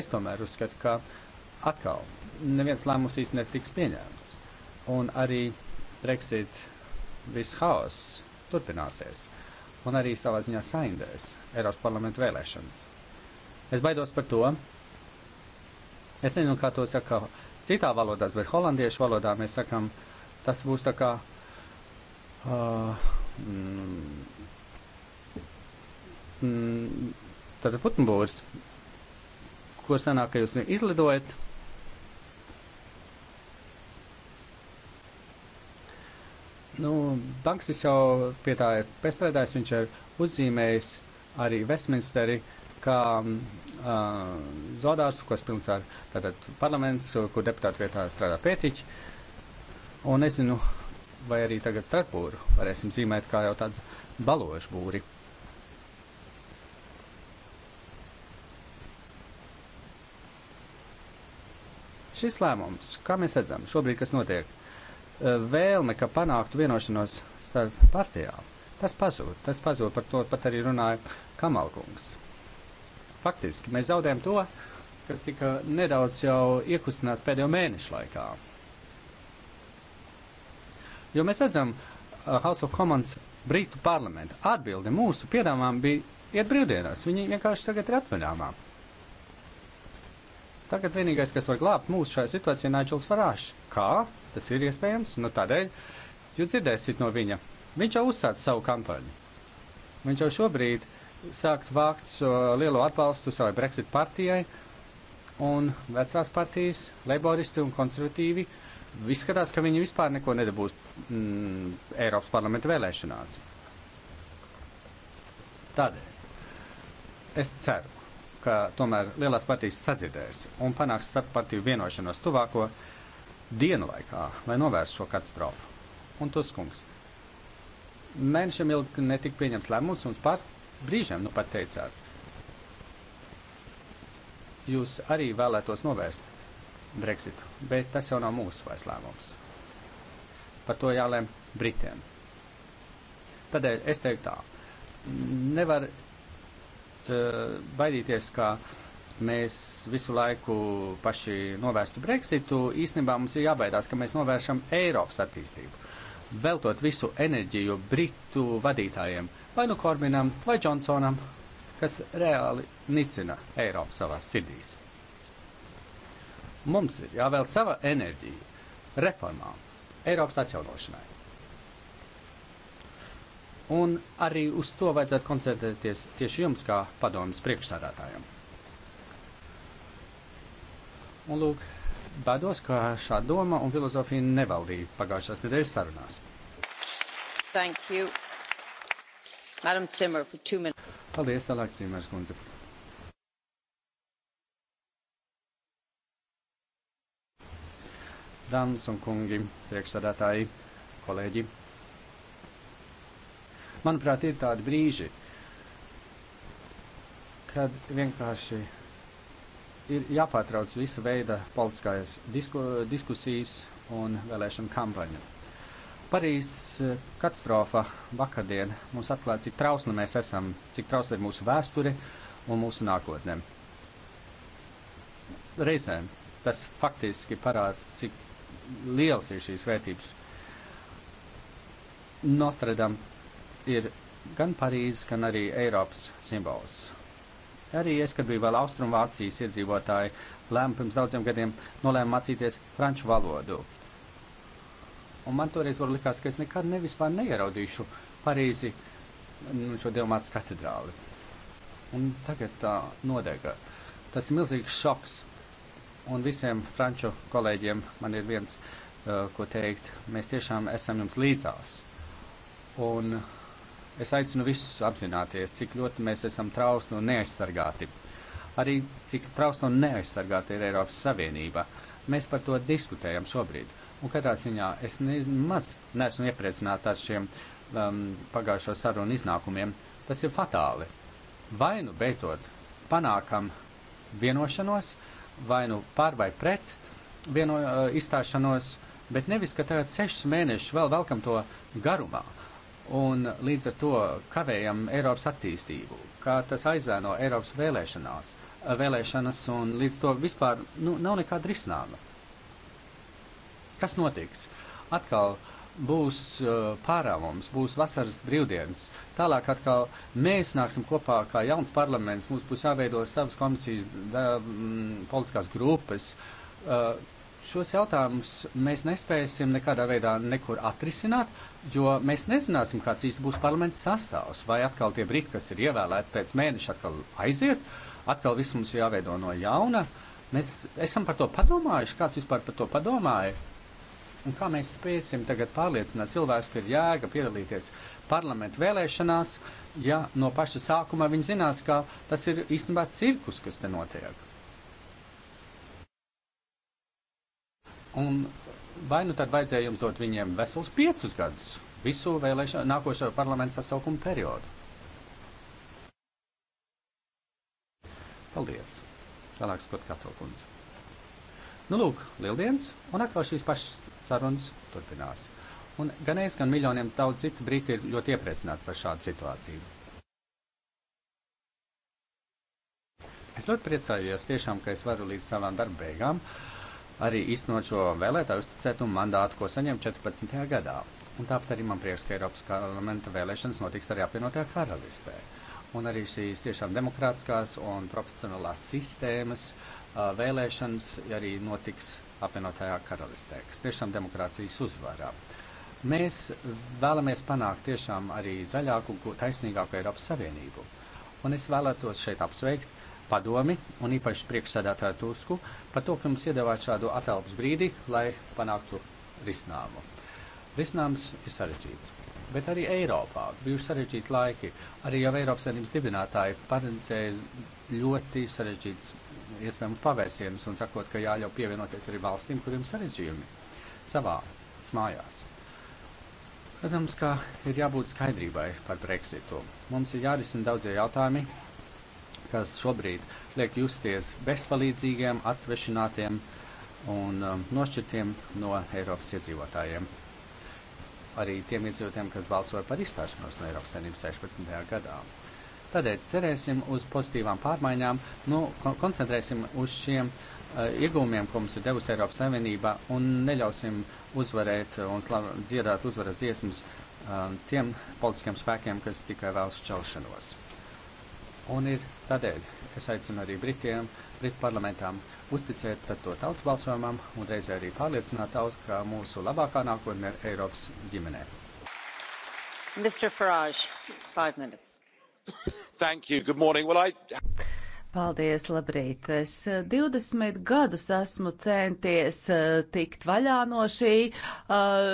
es tomēr uzskatu, ka atkal neviens lēmums īstenībā netiks pieņemts. Uh, un arī Brexit viss haoss turpināsies un arī savā ziņā saindēs Eiropas parlamentu vēlēšanas. Es baidos par to. Es nezinu, kā to saka citā valodās, bet holandiešu valodā mēs sakam, tas būs tā kā. Uh, mm, mm, Tātad putnbūrs, ko sanāk, ka jūs izlidojat, Nu, Banksis jau pie tā ir piestrādājis, viņš ir uzzīmējis arī Westminsteri kā mm, uh, zodās, kas pilns ar tātad parlaments, kur deputātu vietā strādā pētiķi. Un nezinu, vai arī tagad Strasbūru varēsim zīmēt kā jau tāds balošu būri. Šis lēmums, kā mēs redzam, šobrīd kas notiek, vēlme, ka panāktu vienošanos starp partijām. Tas pazūd, tas pazūd, par to pat arī runāja Kamalkungs. Faktiski mēs zaudējam to, kas tika nedaudz jau iekustināts pēdējo mēnešu laikā. Jo mēs redzam, uh, House of Commons Brītu parlamenta atbildi mūsu piedāvājumam bija iet brīvdienās. Viņi vienkārši tagad ir atvaļinājumā. Tagad vienīgais, kas var glābt mūsu šajā situācijā, ir Nigels Farāšs. Kā? Tas ir iespējams, nu tādēļ jūs dzirdēsiet no viņa. Viņš jau uzsāca savu kampaņu. Viņš jau šobrīd sākt vākt šo lielo atbalstu savai Brexit partijai, un vecās partijas, laboristi un konservatīvi, izskatās, ka viņi vispār neko nedabūs mm, Eiropas parlamenta vēlēšanās. Tādēļ es ceru, ka tomēr lielās partijas sadzirdēs un panāks starppartiju vienošanos tuvāko dienu laikā, lai novērstu šo katastrofu. Un tas kungs. Mēnešiem ilgi netika pieņemts lēmums, un pats brīžiem nu pat teicāt, jūs arī vēlētos novērst Brexitu, bet tas jau nav mūsu vairs lēmums. Par to jālēm Britiem. Tādēļ es teiktu tā, nevar Eh, baidīties, ka mēs visu laiku paši novērstu Brexitu, īstenībā mums ir jābaidās, ka mēs novēršam Eiropas attīstību. Veltot visu enerģiju Britu vadītājiem, vai nu Korbinam, vai Džonsonam, kas reāli nicina Eiropu savās sirdīs. Mums ir jāvēl sava enerģija reformām, Eiropas atjaunošanai. Un arī uz to vajadzētu koncentrēties tieši jums, kā padomus priekšsādātājam. Un lūk, bēdos, ka šā doma un filozofija nevaldīja pagājušās nedēļas sarunās. Thank you. Madam Zimmer, for two minutes. Paldies, tālāk Cimers kundze. Dāmas un kungi, priekšsādātāji, kolēģi. Manuprāt, ir tādi brīži, kad vienkārši ir jāpārtrauc visa veida politiskās disku, diskusijas un vēlēšana kampaņa. Parīzes eh, katastrofa vakardien mums atklāja, cik trausli mēs esam, cik trausli ir mūsu vēsture un mūsu nākotnē. Reizēm tas faktiski parāda, cik liels ir šīs vērtības. Notre Dame ir gan Parīzes, gan arī Eiropas simbols. Arī es, kad biju vēl Austrumvācijas iedzīvotāji, lēmu pirms daudziem gadiem nolēmu mācīties franču valodu. Un man toreiz var likās, ka es nekad nevispār neieraudīšu Parīzi nu, šo Dievmāts katedrāli. Un tagad tā nodega. Tas ir milzīgs šoks. Un visiem franču kolēģiem man ir viens, uh, ko teikt, mēs tiešām esam jums līdzās. Un uh, Es aicinu visus apzināties, cik ļoti mēs esam trausli un neaizsargāti. Arī cik trausli un neaizsargāti ir Eiropas Savienība. Mēs par to diskutējam šobrīd. Un katrā ziņā es nemaz neesmu iepriecināta ar šiem um, pagājušo sarunu iznākumiem. Tas ir fatāli. Vai nu beidzot panākam vienošanos, vai nu pār vai pret vieno, uh, izstāšanos, bet nevis, ka tagad sešus mēnešus vēl velkam to garumā. Uh, un līdz ar to kavējam Eiropas attīstību, kā tas aizēno Eiropas vēlēšanās, vēlēšanas, un līdz to vispār nu, nav nekāda risinājuma. Kas notiks? Atkal būs uh, pārāvums, būs vasaras brīvdienas. Tālāk atkal mēs nāksim kopā kā jauns parlaments, mums būs jāveido savas komisijas, da, m, mm, politiskās grupas. Uh, šos jautājumus mēs nespēsim nekādā veidā nekur atrisināt, jo mēs nezināsim, kāds īsti būs parlaments sastāvs. Vai atkal tie briti, kas ir ievēlēti pēc mēneša, atkal aiziet, atkal viss mums jāveido no jauna. Mēs esam par to padomājuši, kāds vispār par to padomāja. Un kā mēs spēsim tagad pārliecināt cilvēkus, ka ir jēga piedalīties parlamentu vēlēšanās, ja no paša sākuma viņi zinās, ka tas ir īstenībā cirkus, kas te notiek? Un vai nu tad vajadzēja jums dot viņiem vesels piecus gadus, visu vēlēšanu, nākošo parlamentu sasaukumu periodu? Paldies! Tālāk skot katru kundzi. Nu, lūk, lieldienas, un atkal šīs pašas sarunas turpinās. Un gan es, gan miljoniem daudz citu brīti ir ļoti iepriecināti par šādu situāciju. Es ļoti priecājos tiešām, ka es varu līdz savām darba beigām uh, arī īstenot šo vēlētāju uzticētumu mandātu, ko saņem 14. gadā. Un tāpat arī man prieks, ka Eiropas parlamenta vēlēšanas notiks arī apvienotajā karalistē. Un arī šīs tiešām demokrātiskās un profesionālās sistēmas uh, vēlēšanas arī notiks apvienotajā karalistē, kas tiešām demokrācijas uzvarā. Mēs vēlamies panākt tiešām arī zaļāku, taisnīgāku Eiropas Savienību. Un es vēlētos šeit apsveikt padomi un īpaši priekšsēdētāju Tusku par to, ka mums iedāvāt šādu atelpas brīdi, lai panāktu risinājumu. Risinājums ir sarežģīts, bet arī Eiropā bijuši sarežģīti laiki. Arī jau Eiropas Savienības dibinātāji paredzēja ļoti sarežģīts iespējams pavērsienus un sakot, ka jāļauj pievienoties arī valstīm, kuriem sarežģījumi savā mājās. Protams, ka ir jābūt skaidrībai par Brexitu. Mums ir jārisina daudzie jautājumi, kas šobrīd liek justies bezpalīdzīgiem, atsvešinātiem un um, nošķirtiem no Eiropas iedzīvotājiem. Arī tiem iedzīvotājiem, kas balsoja par izstāšanos no Eiropas Savienības 16. gadā. Tādēļ cerēsim uz pozitīvām pārmaiņām, nu, koncentrēsim uz šiem uh, iegūmiem, ko mums ir devusi Eiropas Savienība, un neļausim uzvarēt un slav, dziedāt uzvaras dziesmas uh, tiem politiskiem spēkiem, kas tikai vēlas šķelšanos. Un ir tādēļ es aicinu arī Britiem, Britu parlamentām uzticēt to tautas balsojumam un reizē arī pārliecināt tautu, ka mūsu labākā nākotne ir Eiropas ģimenē. Mr. Farage, five minutes. Thank you. Good morning. Well, I... Paldies, labrīt! Es 20 eh, gadus esmu centies eh, tikt vaļā no šī uh,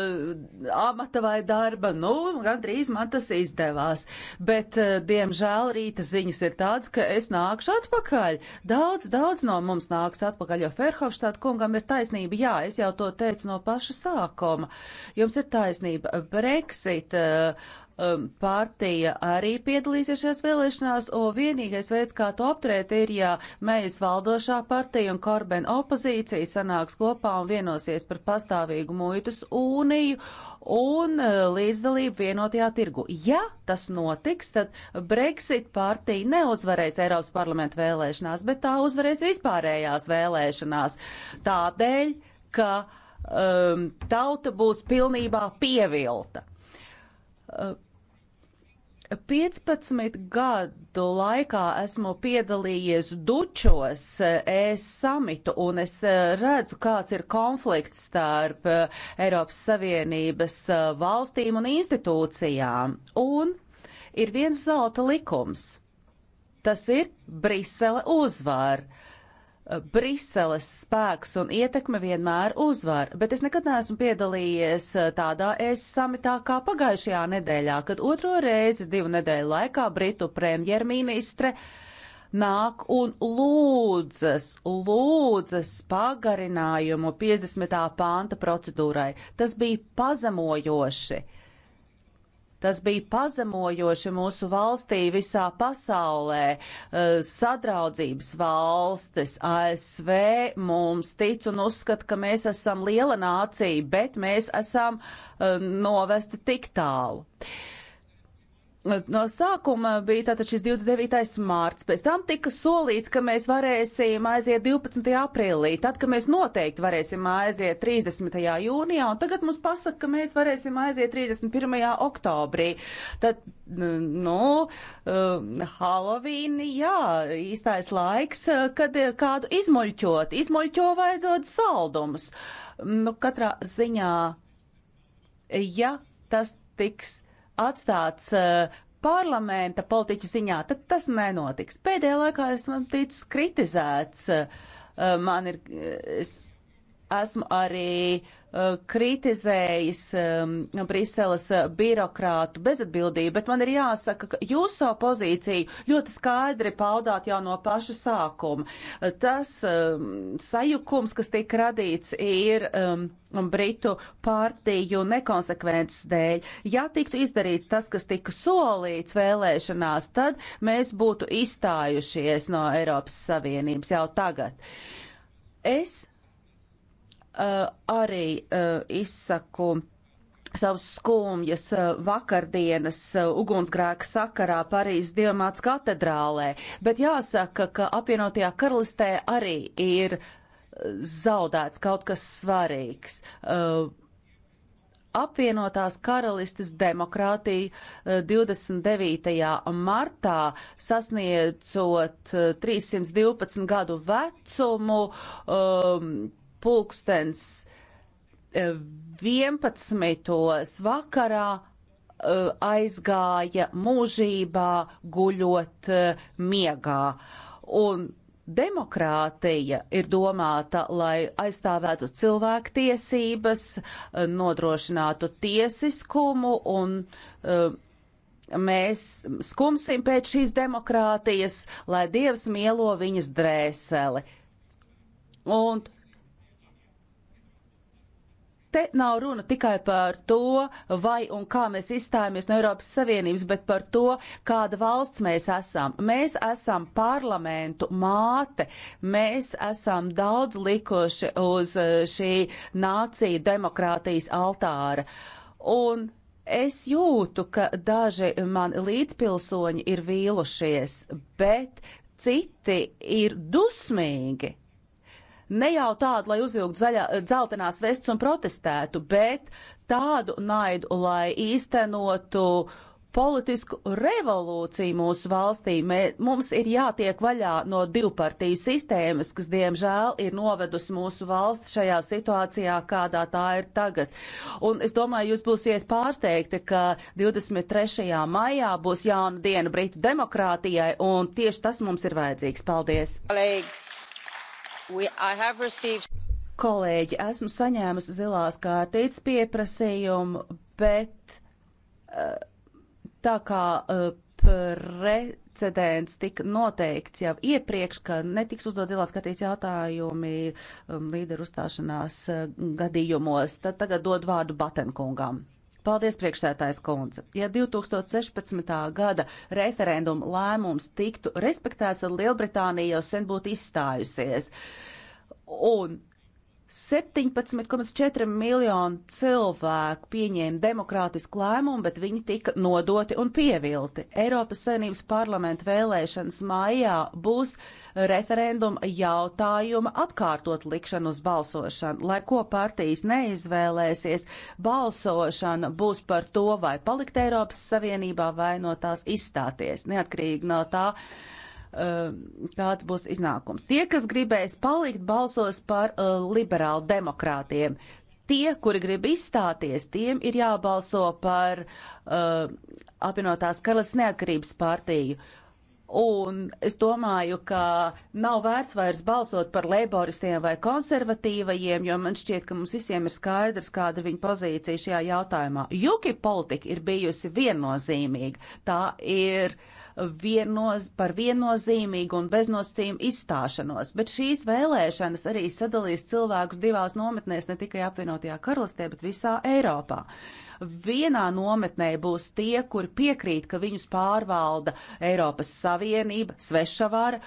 amata vai darba. Nu, gandrīz man tas izdevās. Bet, uh, diemžēl, rīta ziņas ir tāds, ka es nākšu atpakaļ. Daudz, daudz no mums nāks atpakaļ, jo Ferhofštāt kungam ir taisnība. Jā, es jau to teicu no paša sākuma. Jums ir taisnība. Brexit. Uh, um, partija arī piedalīsies šajās vēlēšanās, un vienīgais veids, kā to apturēt, ir, ja mēs valdošā partija un Korben opozīcija sanāks kopā un vienosies par pastāvīgu muitas uniju un uh, līdzdalību vienotajā tirgu. Ja tas notiks, tad Brexit partija neuzvarēs Eiropas parlamenta vēlēšanās, bet tā uzvarēs vispārējās vēlēšanās. Tādēļ, ka um, tauta būs pilnībā pievilta. Uh, 15 gadu laikā esmu piedalījies dučos ES eh, e samitu, un es eh, redzu, kāds ir konflikts starp eh, Eiropas Savienības valstīm un institūcijām. Un ir viens zelta likums. Tas ir Brisele uzvāra. Briseles spēks un ietekme vienmēr uzvar, bet es nekad neesmu piedalījies eh, tādā es samitā kā pagājušajā nedēļā, kad otro reizi divu nedēļu laikā Britu premjerministre nāk un lūdzas, lūdzas pagarinājumu 50. panta procedūrai. Tas bija pazemojoši. Tas bija pazemojoši mūsu valstī visā pasaulē. Eh, sadraudzības valstis ASV mums tic un uzskata, ka mēs esam liela nācija, bet mēs esam eh, novesti tik tālu. Uh, No sākuma bija tātad šis 29. mārts, pēc tam tika solīts, ka mēs varēsim aiziet 12. aprīlī, tad, ka mēs noteikti varēsim aiziet 30. jūnijā, un tagad mums pasaka, ka mēs varēsim aiziet 31. oktobrī. Tad, nu, um, Halovīni, jā, īstais laiks, kad kādu izmuļķot, izmuļķo vai dod saldumus. Nu, katrā ziņā, ja tas tiks atstāts eh, parlamenta politiķu ziņā, tad tas nenotiks. Pēdējā laikā esmu ticis kritizēts. Eh, man ir, eh, es esmu arī uh, Eh, kritizējis um, Briseles eh, birokrātu bezatbildību, bet man ir jāsaka, ka jūs savu pozīciju ļoti skaidri paudāt jau no paša sākuma. Tas um, sajukums, kas tika radīts, ir um, Britu partiju nekonsekvences dēļ. Ja tiktu izdarīts tas, kas tika solīts vēlēšanās, tad mēs būtu izstājušies no Eiropas Savienības jau tagad. Es Eh, arī eh, izsaku savus skumjas eh, vakardienas ugunsgrēka sakarā Parīzes Dievmāts katedrālē, bet jāsaka, ka apvienotajā karalistē arī ir zaudēts kaut kas svarīgs. Uh, apvienotās karalistes demokrātija 29. martā sasniedzot 312 gadu vecumu, um, pulkstens 11. Eh, vakarā eh, aizgāja mūžībā guļot eh, miegā. Un demokrātija ir domāta, lai aizstāvētu cilvēktiesības, nodrošinātu tiesiskumu un uh, mēs skumsim pēc šīs demokrātijas, lai Dievs mielo viņas dvēseli. Un Te nav runa tikai par to, vai un kā mēs izstājāmies no Eiropas Savienības, bet par to, kāda valsts mēs esam. Mēs esam parlamentu māte, mēs esam daudz likuši uz eh, šī nācija demokrātijas altāra. Un es jūtu, ka daži man līdzpilsoņi ir vīlušies, bet citi ir dusmīgi Ne jau tādu, lai uzvilktu zaļā, dzeltenās vestas un protestētu, bet tādu naidu, lai īstenotu politisku revolūciju mūsu valstī. Mē, mums ir jātiek vaļā no divpartiju sistēmas, kas, diemžēl, ir novedusi mūsu valsti šajā situācijā, kādā tā ir tagad. Un es domāju, jūs būsiet pārsteigti, ka 23. maijā būs jauna diena Britu demokrātijai, un tieši tas mums ir vajadzīgs. Paldies! Palīgs. We, received... Kolēģi, esmu saņēmusi zilās kārtītes pieprasījumu, bet uh, tā kā uh, precedents tika noteikts jau iepriekš, ka netiks uzdot zilās kārtītes jautājumi um, līderu uzstāšanās uh, gadījumos, tad tagad dod vārdu Batenkungam. Paldies, priekšsētājs kundze. Ja 2016. gada referenduma lēmums tiktu respektēts, tad Lielbritānija jau sen būtu izstājusies. Un 17,4 miljonu cilvēku pieņēma demokrātisku lēmumu, bet viņi tika nodoti un pievilti. Eiropas Savienības parlamenta vēlēšanas maijā būs referenduma jautājuma atkārtot likšanu uz balsošanu. Lai ko partijas neizvēlēsies, balsošana būs par to, vai palikt Eiropas Savienībā vai no tās izstāties, neatkarīgi no tā, uh, Um, kāds būs iznākums. Tie, kas gribēs palikt, balsos par uh, liberāli demokrātiem. Tie, kuri grib izstāties, tiem ir jābalso par uh, apvienotās karalas neatkarības partiju. Un es domāju, ka nav vērts vairs balsot par leiboristiem vai konservatīvajiem, jo man šķiet, ka mums visiem ir skaidrs, kāda viņa pozīcija šajā jautājumā. Juki politika ir bijusi viennozīmīga. Tā ir uh, vienos, par viennozīmīgu un beznosacījumu izstāšanos, bet šīs vēlēšanas arī sadalīs cilvēkus divās nometnēs ne tikai apvienotajā karalistē, bet visā Eiropā. Uh, vienā nometnē būs tie, kuri piekrīt, ka viņus pārvalda Eiropas Savienība, svešavara,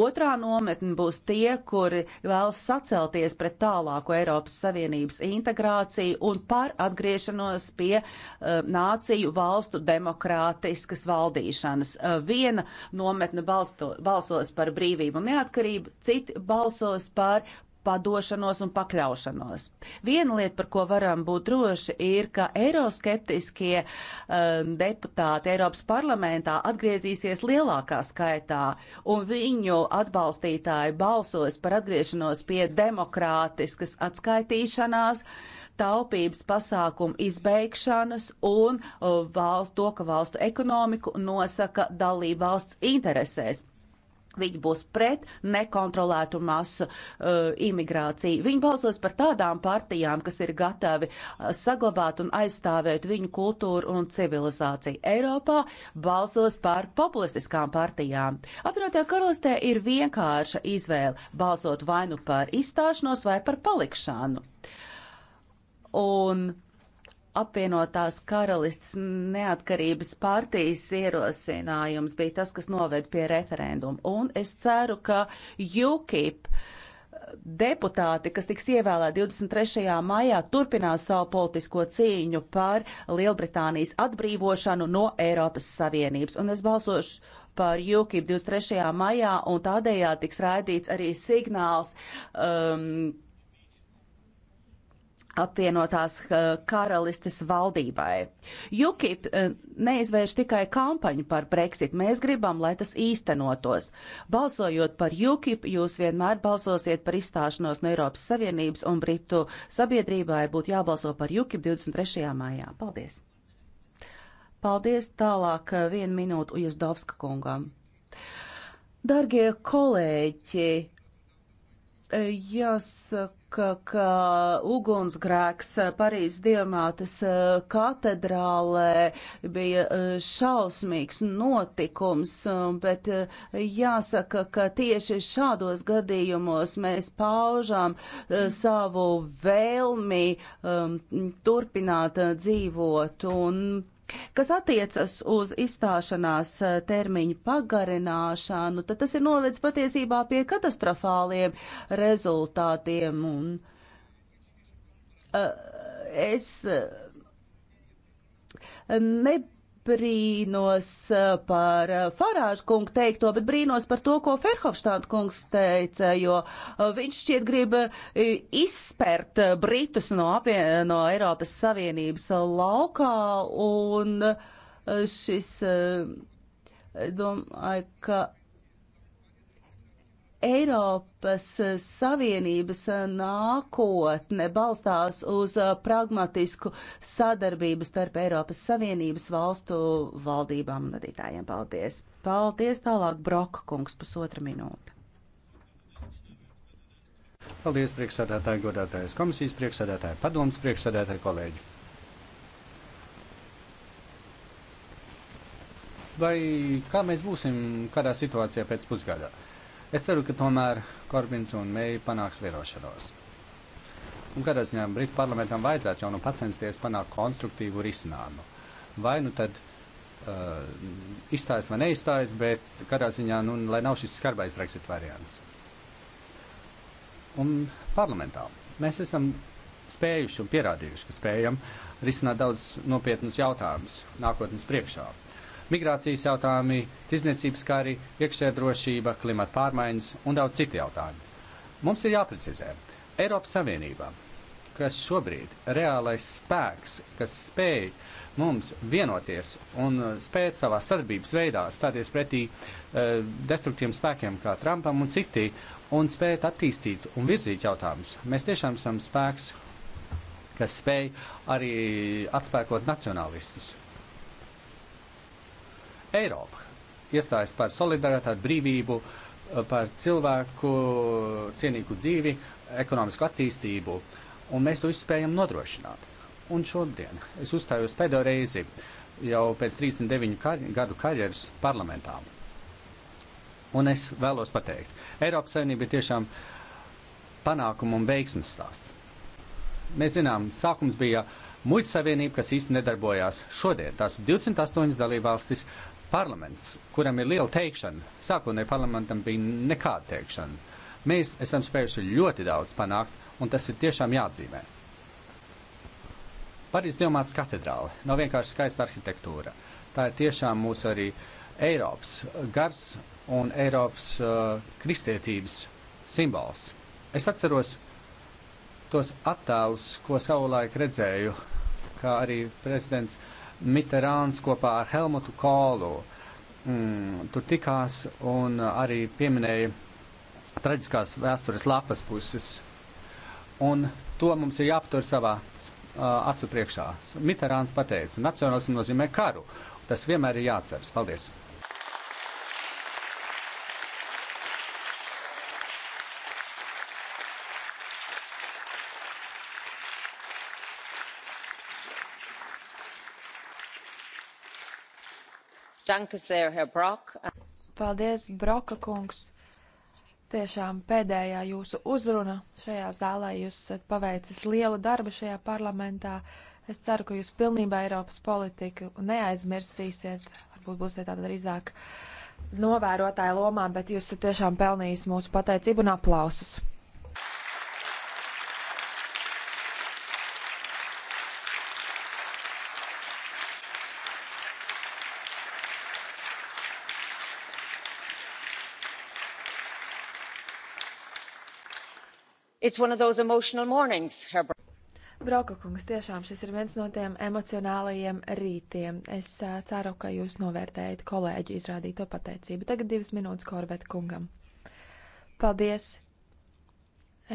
otrā nometne būs tie, kuri vēlas sacelties pret tālāko Eiropas Savienības integrāciju un par atgriešanos pie uh, nāciju valstu demokrātiskas valdīšanas. Uh, viena nometne balsto, balsos par brīvību un neatkarību, citi balsos par padošanos un pakļaušanos. Viena lieta, par ko varam būt droši, ir, ka eiroskeptiskie um, deputāti Eiropas parlamentā atgriezīsies lielākā skaitā, un viņu atbalstītāji balsos par atgriešanos pie demokrātiskas atskaitīšanās, taupības pasākumu izbeigšanas un uh, valstu, to, ka valstu ekonomiku nosaka dalība valsts interesēs. Viņi būs pret nekontrolētu masu uh, imigrāciju. Viņi balsos par tādām partijām, kas ir gatavi uh, saglabāt un aizstāvēt viņu kultūru un civilizāciju. Eiropā balsos par populistiskām partijām. Apvienotajā karalistē ir vienkārša izvēle - balsot vai nu par izstāšanos vai par palikšanu. Un apvienotās karalistas neatkarības partijas ierosinājums bija tas, kas noved pie referendumu. Un es ceru, ka UKIP deputāti, kas tiks ievēlēti 23. maijā, turpinās savu politisko cīņu par Lielbritānijas atbrīvošanu no Eiropas Savienības. Un es balsošu par UKIP 23. maijā, un tādējādi tiks raidīts arī signāls. Um, apvienotās eh, karalistes valdībai. UKIP eh, neizvērš tikai kampaņu par Brexit, mēs gribam, lai tas īstenotos. Balsojot par UKIP, jūs vienmēr balsosiet par izstāšanos no Eiropas Savienības un Britu sabiedrībai būtu jābalso par UKIP 23. maijā. Paldies! Paldies tālāk eh, vienu minūtu Ujazdovska kungam. Dargie kolēģi, jāsaka, saka, ka ugunsgrēks Parīzes diamātas e, katedrālē bija e, šausmīgs notikums, e, bet jāsaka, ka tieši šādos gadījumos mēs paužām savu vēlmi turpināt dzīvot un Kas attiecas uz izstāšanās eh, termiņu pagarināšanu, tad tas ir novedis patiesībā pie katastrofāliem rezultātiem. Un, uh, es, uh, ne, brīnos eh, par eh, Farāžu kungu teikto, bet brīnos par to, ko Ferhofštāta kungs teica, jo eh, viņš šķiet grib izspērt Britus no, apvien, no Eiropas Savienības laukā, un šis, domāju, ka Eiropas eh, Savienības eh, nākotne balstās uz eh, pragmatisku sadarbību starp Eiropas Savienības valstu valdībām un vadītājiem. Paldies! Paldies! Tālāk Broka kungs pusotra minūte. Paldies, priekšsēdētāji, godātājs komisijas priekšsēdētāji, padomas priekšsēdētāji, kolēģi. Vai kā mēs būsim kādā situācijā pēc pusgadā? Es ceru, ka tomēr Korbins un Meija panāks vienošanos. Un kādā ziņā Britu parlamentam vajadzētu jau nu pacensties panākt konstruktīvu risinājumu. Vai nu tad uh, izstājas vai neizstājas, bet kādā ziņā, nu, lai nav šis skarbais Brexit variants. Un parlamentā mēs esam spējuši un pierādījuši, ka spējam risināt daudz nopietnus jautājumus nākotnes priekšā migrācijas jautājumi, tirdzniecības kā arī iekšē drošība, klimata pārmaiņas un daudz citu jautājumu. Mums ir jāprecizē, Eiropas Savienība, kas šobrīd reālais spēks, kas spēj mums vienoties un uh, spēt savā sadarbības veidā stāties pretī uh, destruktīviem spēkiem kā Trumpam un citi un spēt attīstīt un virzīt jautājumus. Mēs tiešām esam spēks, kas spēj arī atspēkot nacionālistus. Eiropa iestājas par solidaritāti, brīvību, par cilvēku cienīgu dzīvi, ekonomisku attīstību, un mēs to visu spējam nodrošināt. Un šodien es uzstājos pēdējo reizi jau pēc 39 kar gadu karjeras parlamentā. Un es vēlos pateikt, Eiropas Savienība ir tiešām panākumu un veiksmes stāsts. Mēs zinām, sākums bija muitas savienība, kas īsti nedarbojās. Šodien tās 28 dalībvalstis Parlaments, kuram ir liela teikšana, sākotnēji parlamentam bija nekāda teikšana. Mēs esam spējuši ļoti daudz panākt, un tas ir tiešām jāatzīmē. Parīzes Dienvidas katedrāle nav vienkārši skaista arhitektūra. Tā ir tiešām mūsu arī Eiropas gars un Eiropas uh, kristietības simbols. Es atceros tos attēlus, ko savulaik redzēju, kā arī prezidents uh, Mitterāns kopā ar Helmutu Kālu mm, tur tikās un arī pieminēja traģiskās vēstures lapas puses. Un to mums ir jāaptur savā uh, acu priekšā. Mitterāns pateica, nacionālisms nozīmē karu. Tas vienmēr ir jāatceras. Paldies! Paldies, Broka kungs! Tiešām pēdējā jūsu uzruna šajā zālē jūs esat paveicis lielu darbu šajā parlamentā. Es ceru, ka jūs pilnībā Eiropas politiku neaizmirsīsiet. Varbūt būsiet tāda drīzāk novērotāja lomā, bet jūs esat tiešām pelnījis mūsu pateicību un aplausus. It's one of those emotional mornings, Herr Brauka kungs, tiešām šis ir viens no tiem emocionālajiem rītiem. Es uh, ceru, ka jūs novērtējat kolēģu izrādīto pateicību. Tagad divas minūtes korvet kungam. Paldies!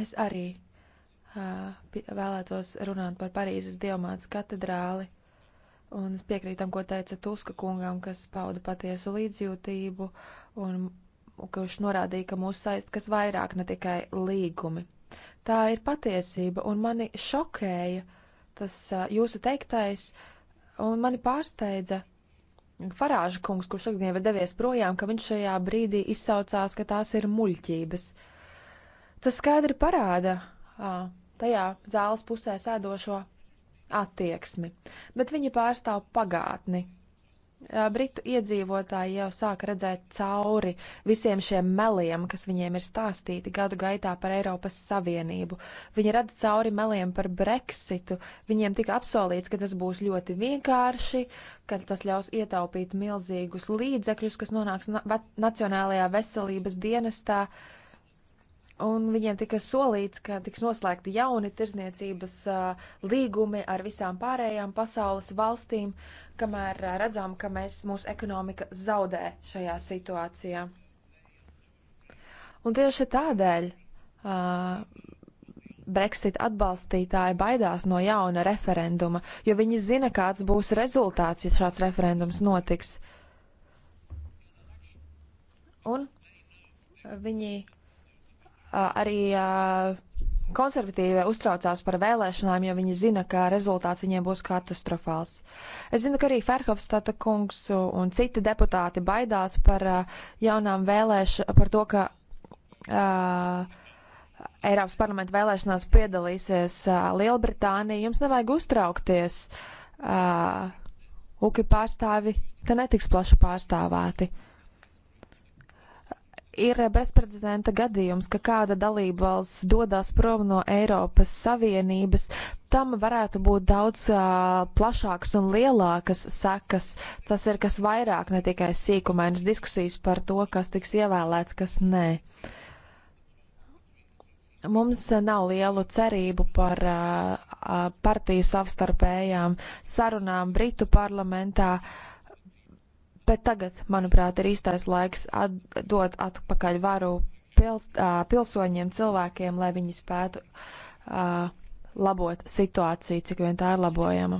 Es arī uh, vēlētos runāt par Parīzes diamāts katedrāli. Un es piekrītu tam, ko teica Tuska kungam, kas pauda patiesu līdzjūtību un kurš norādīja, ka mūs saist kas vairāk, ne tikai līgumi. Tā ir patiesība, un mani šokēja tas jūsu teiktais, un mani pārsteidza Farāža kungs, kurš šodien ir devies projām, ka viņš šajā brīdī izsaucās, ka tās ir muļķības. Tas skaidri parāda tajā zāles pusē sēdošo attieksmi, bet viņi pārstāv pagātni, Britu iedzīvotāji jau sāk redzēt cauri visiem šiem meliem, kas viņiem ir stāstīti gadu gaitā par Eiropas Savienību. Viņi redz cauri meliem par Brexitu. Viņiem tika apsolīts, ka tas būs ļoti vienkārši, ka tas ļaus ietaupīt milzīgus līdzekļus, kas nonāks na nacionālajā veselības dienestā. Uh, un viņiem tika solīts, ka tiks noslēgti jauni tirzniecības uh, līgumi ar visām pārējām pasaules valstīm, kamēr uh, redzam, ka mēs, mūsu ekonomika zaudē šajā situācijā. Un tieši tādēļ uh, Brexit atbalstītāji baidās no jauna referenduma, jo viņi zina, kāds būs rezultāts, ja šāds referendums notiks. Un viņi arī konservatīvie uztraucās par vēlēšanām, jo viņi zina, ka rezultāts viņiem būs katastrofāls. Es zinu, ka arī Ferhofstata kungs un citi deputāti baidās par jaunām vēlēšanām, par to, ka uh, Eiropas parlamenta vēlēšanās piedalīsies uh, Lielbritānija. Jums nevajag uztraukties. Uh, UKI pārstāvi te netiks plaši pārstāvēti. Uh, ir bezprecedenta gadījums, ka kāda dalība valsts dodas prom no Eiropas Savienības, tam varētu būt daudz uh, plašākas un lielākas sekas. Tas ir kas vairāk, ne tikai sīkumainas diskusijas par to, kas tiks ievēlēts, kas nē. Mums nav lielu cerību par uh, partiju savstarpējām sarunām Britu parlamentā. Uh, Bet tagad, manuprāt, ir īstais laiks dot atpakaļ varu pils, pilsoņiem, cilvēkiem, lai viņi spētu labot situāciju, cik vien tā ir labojama.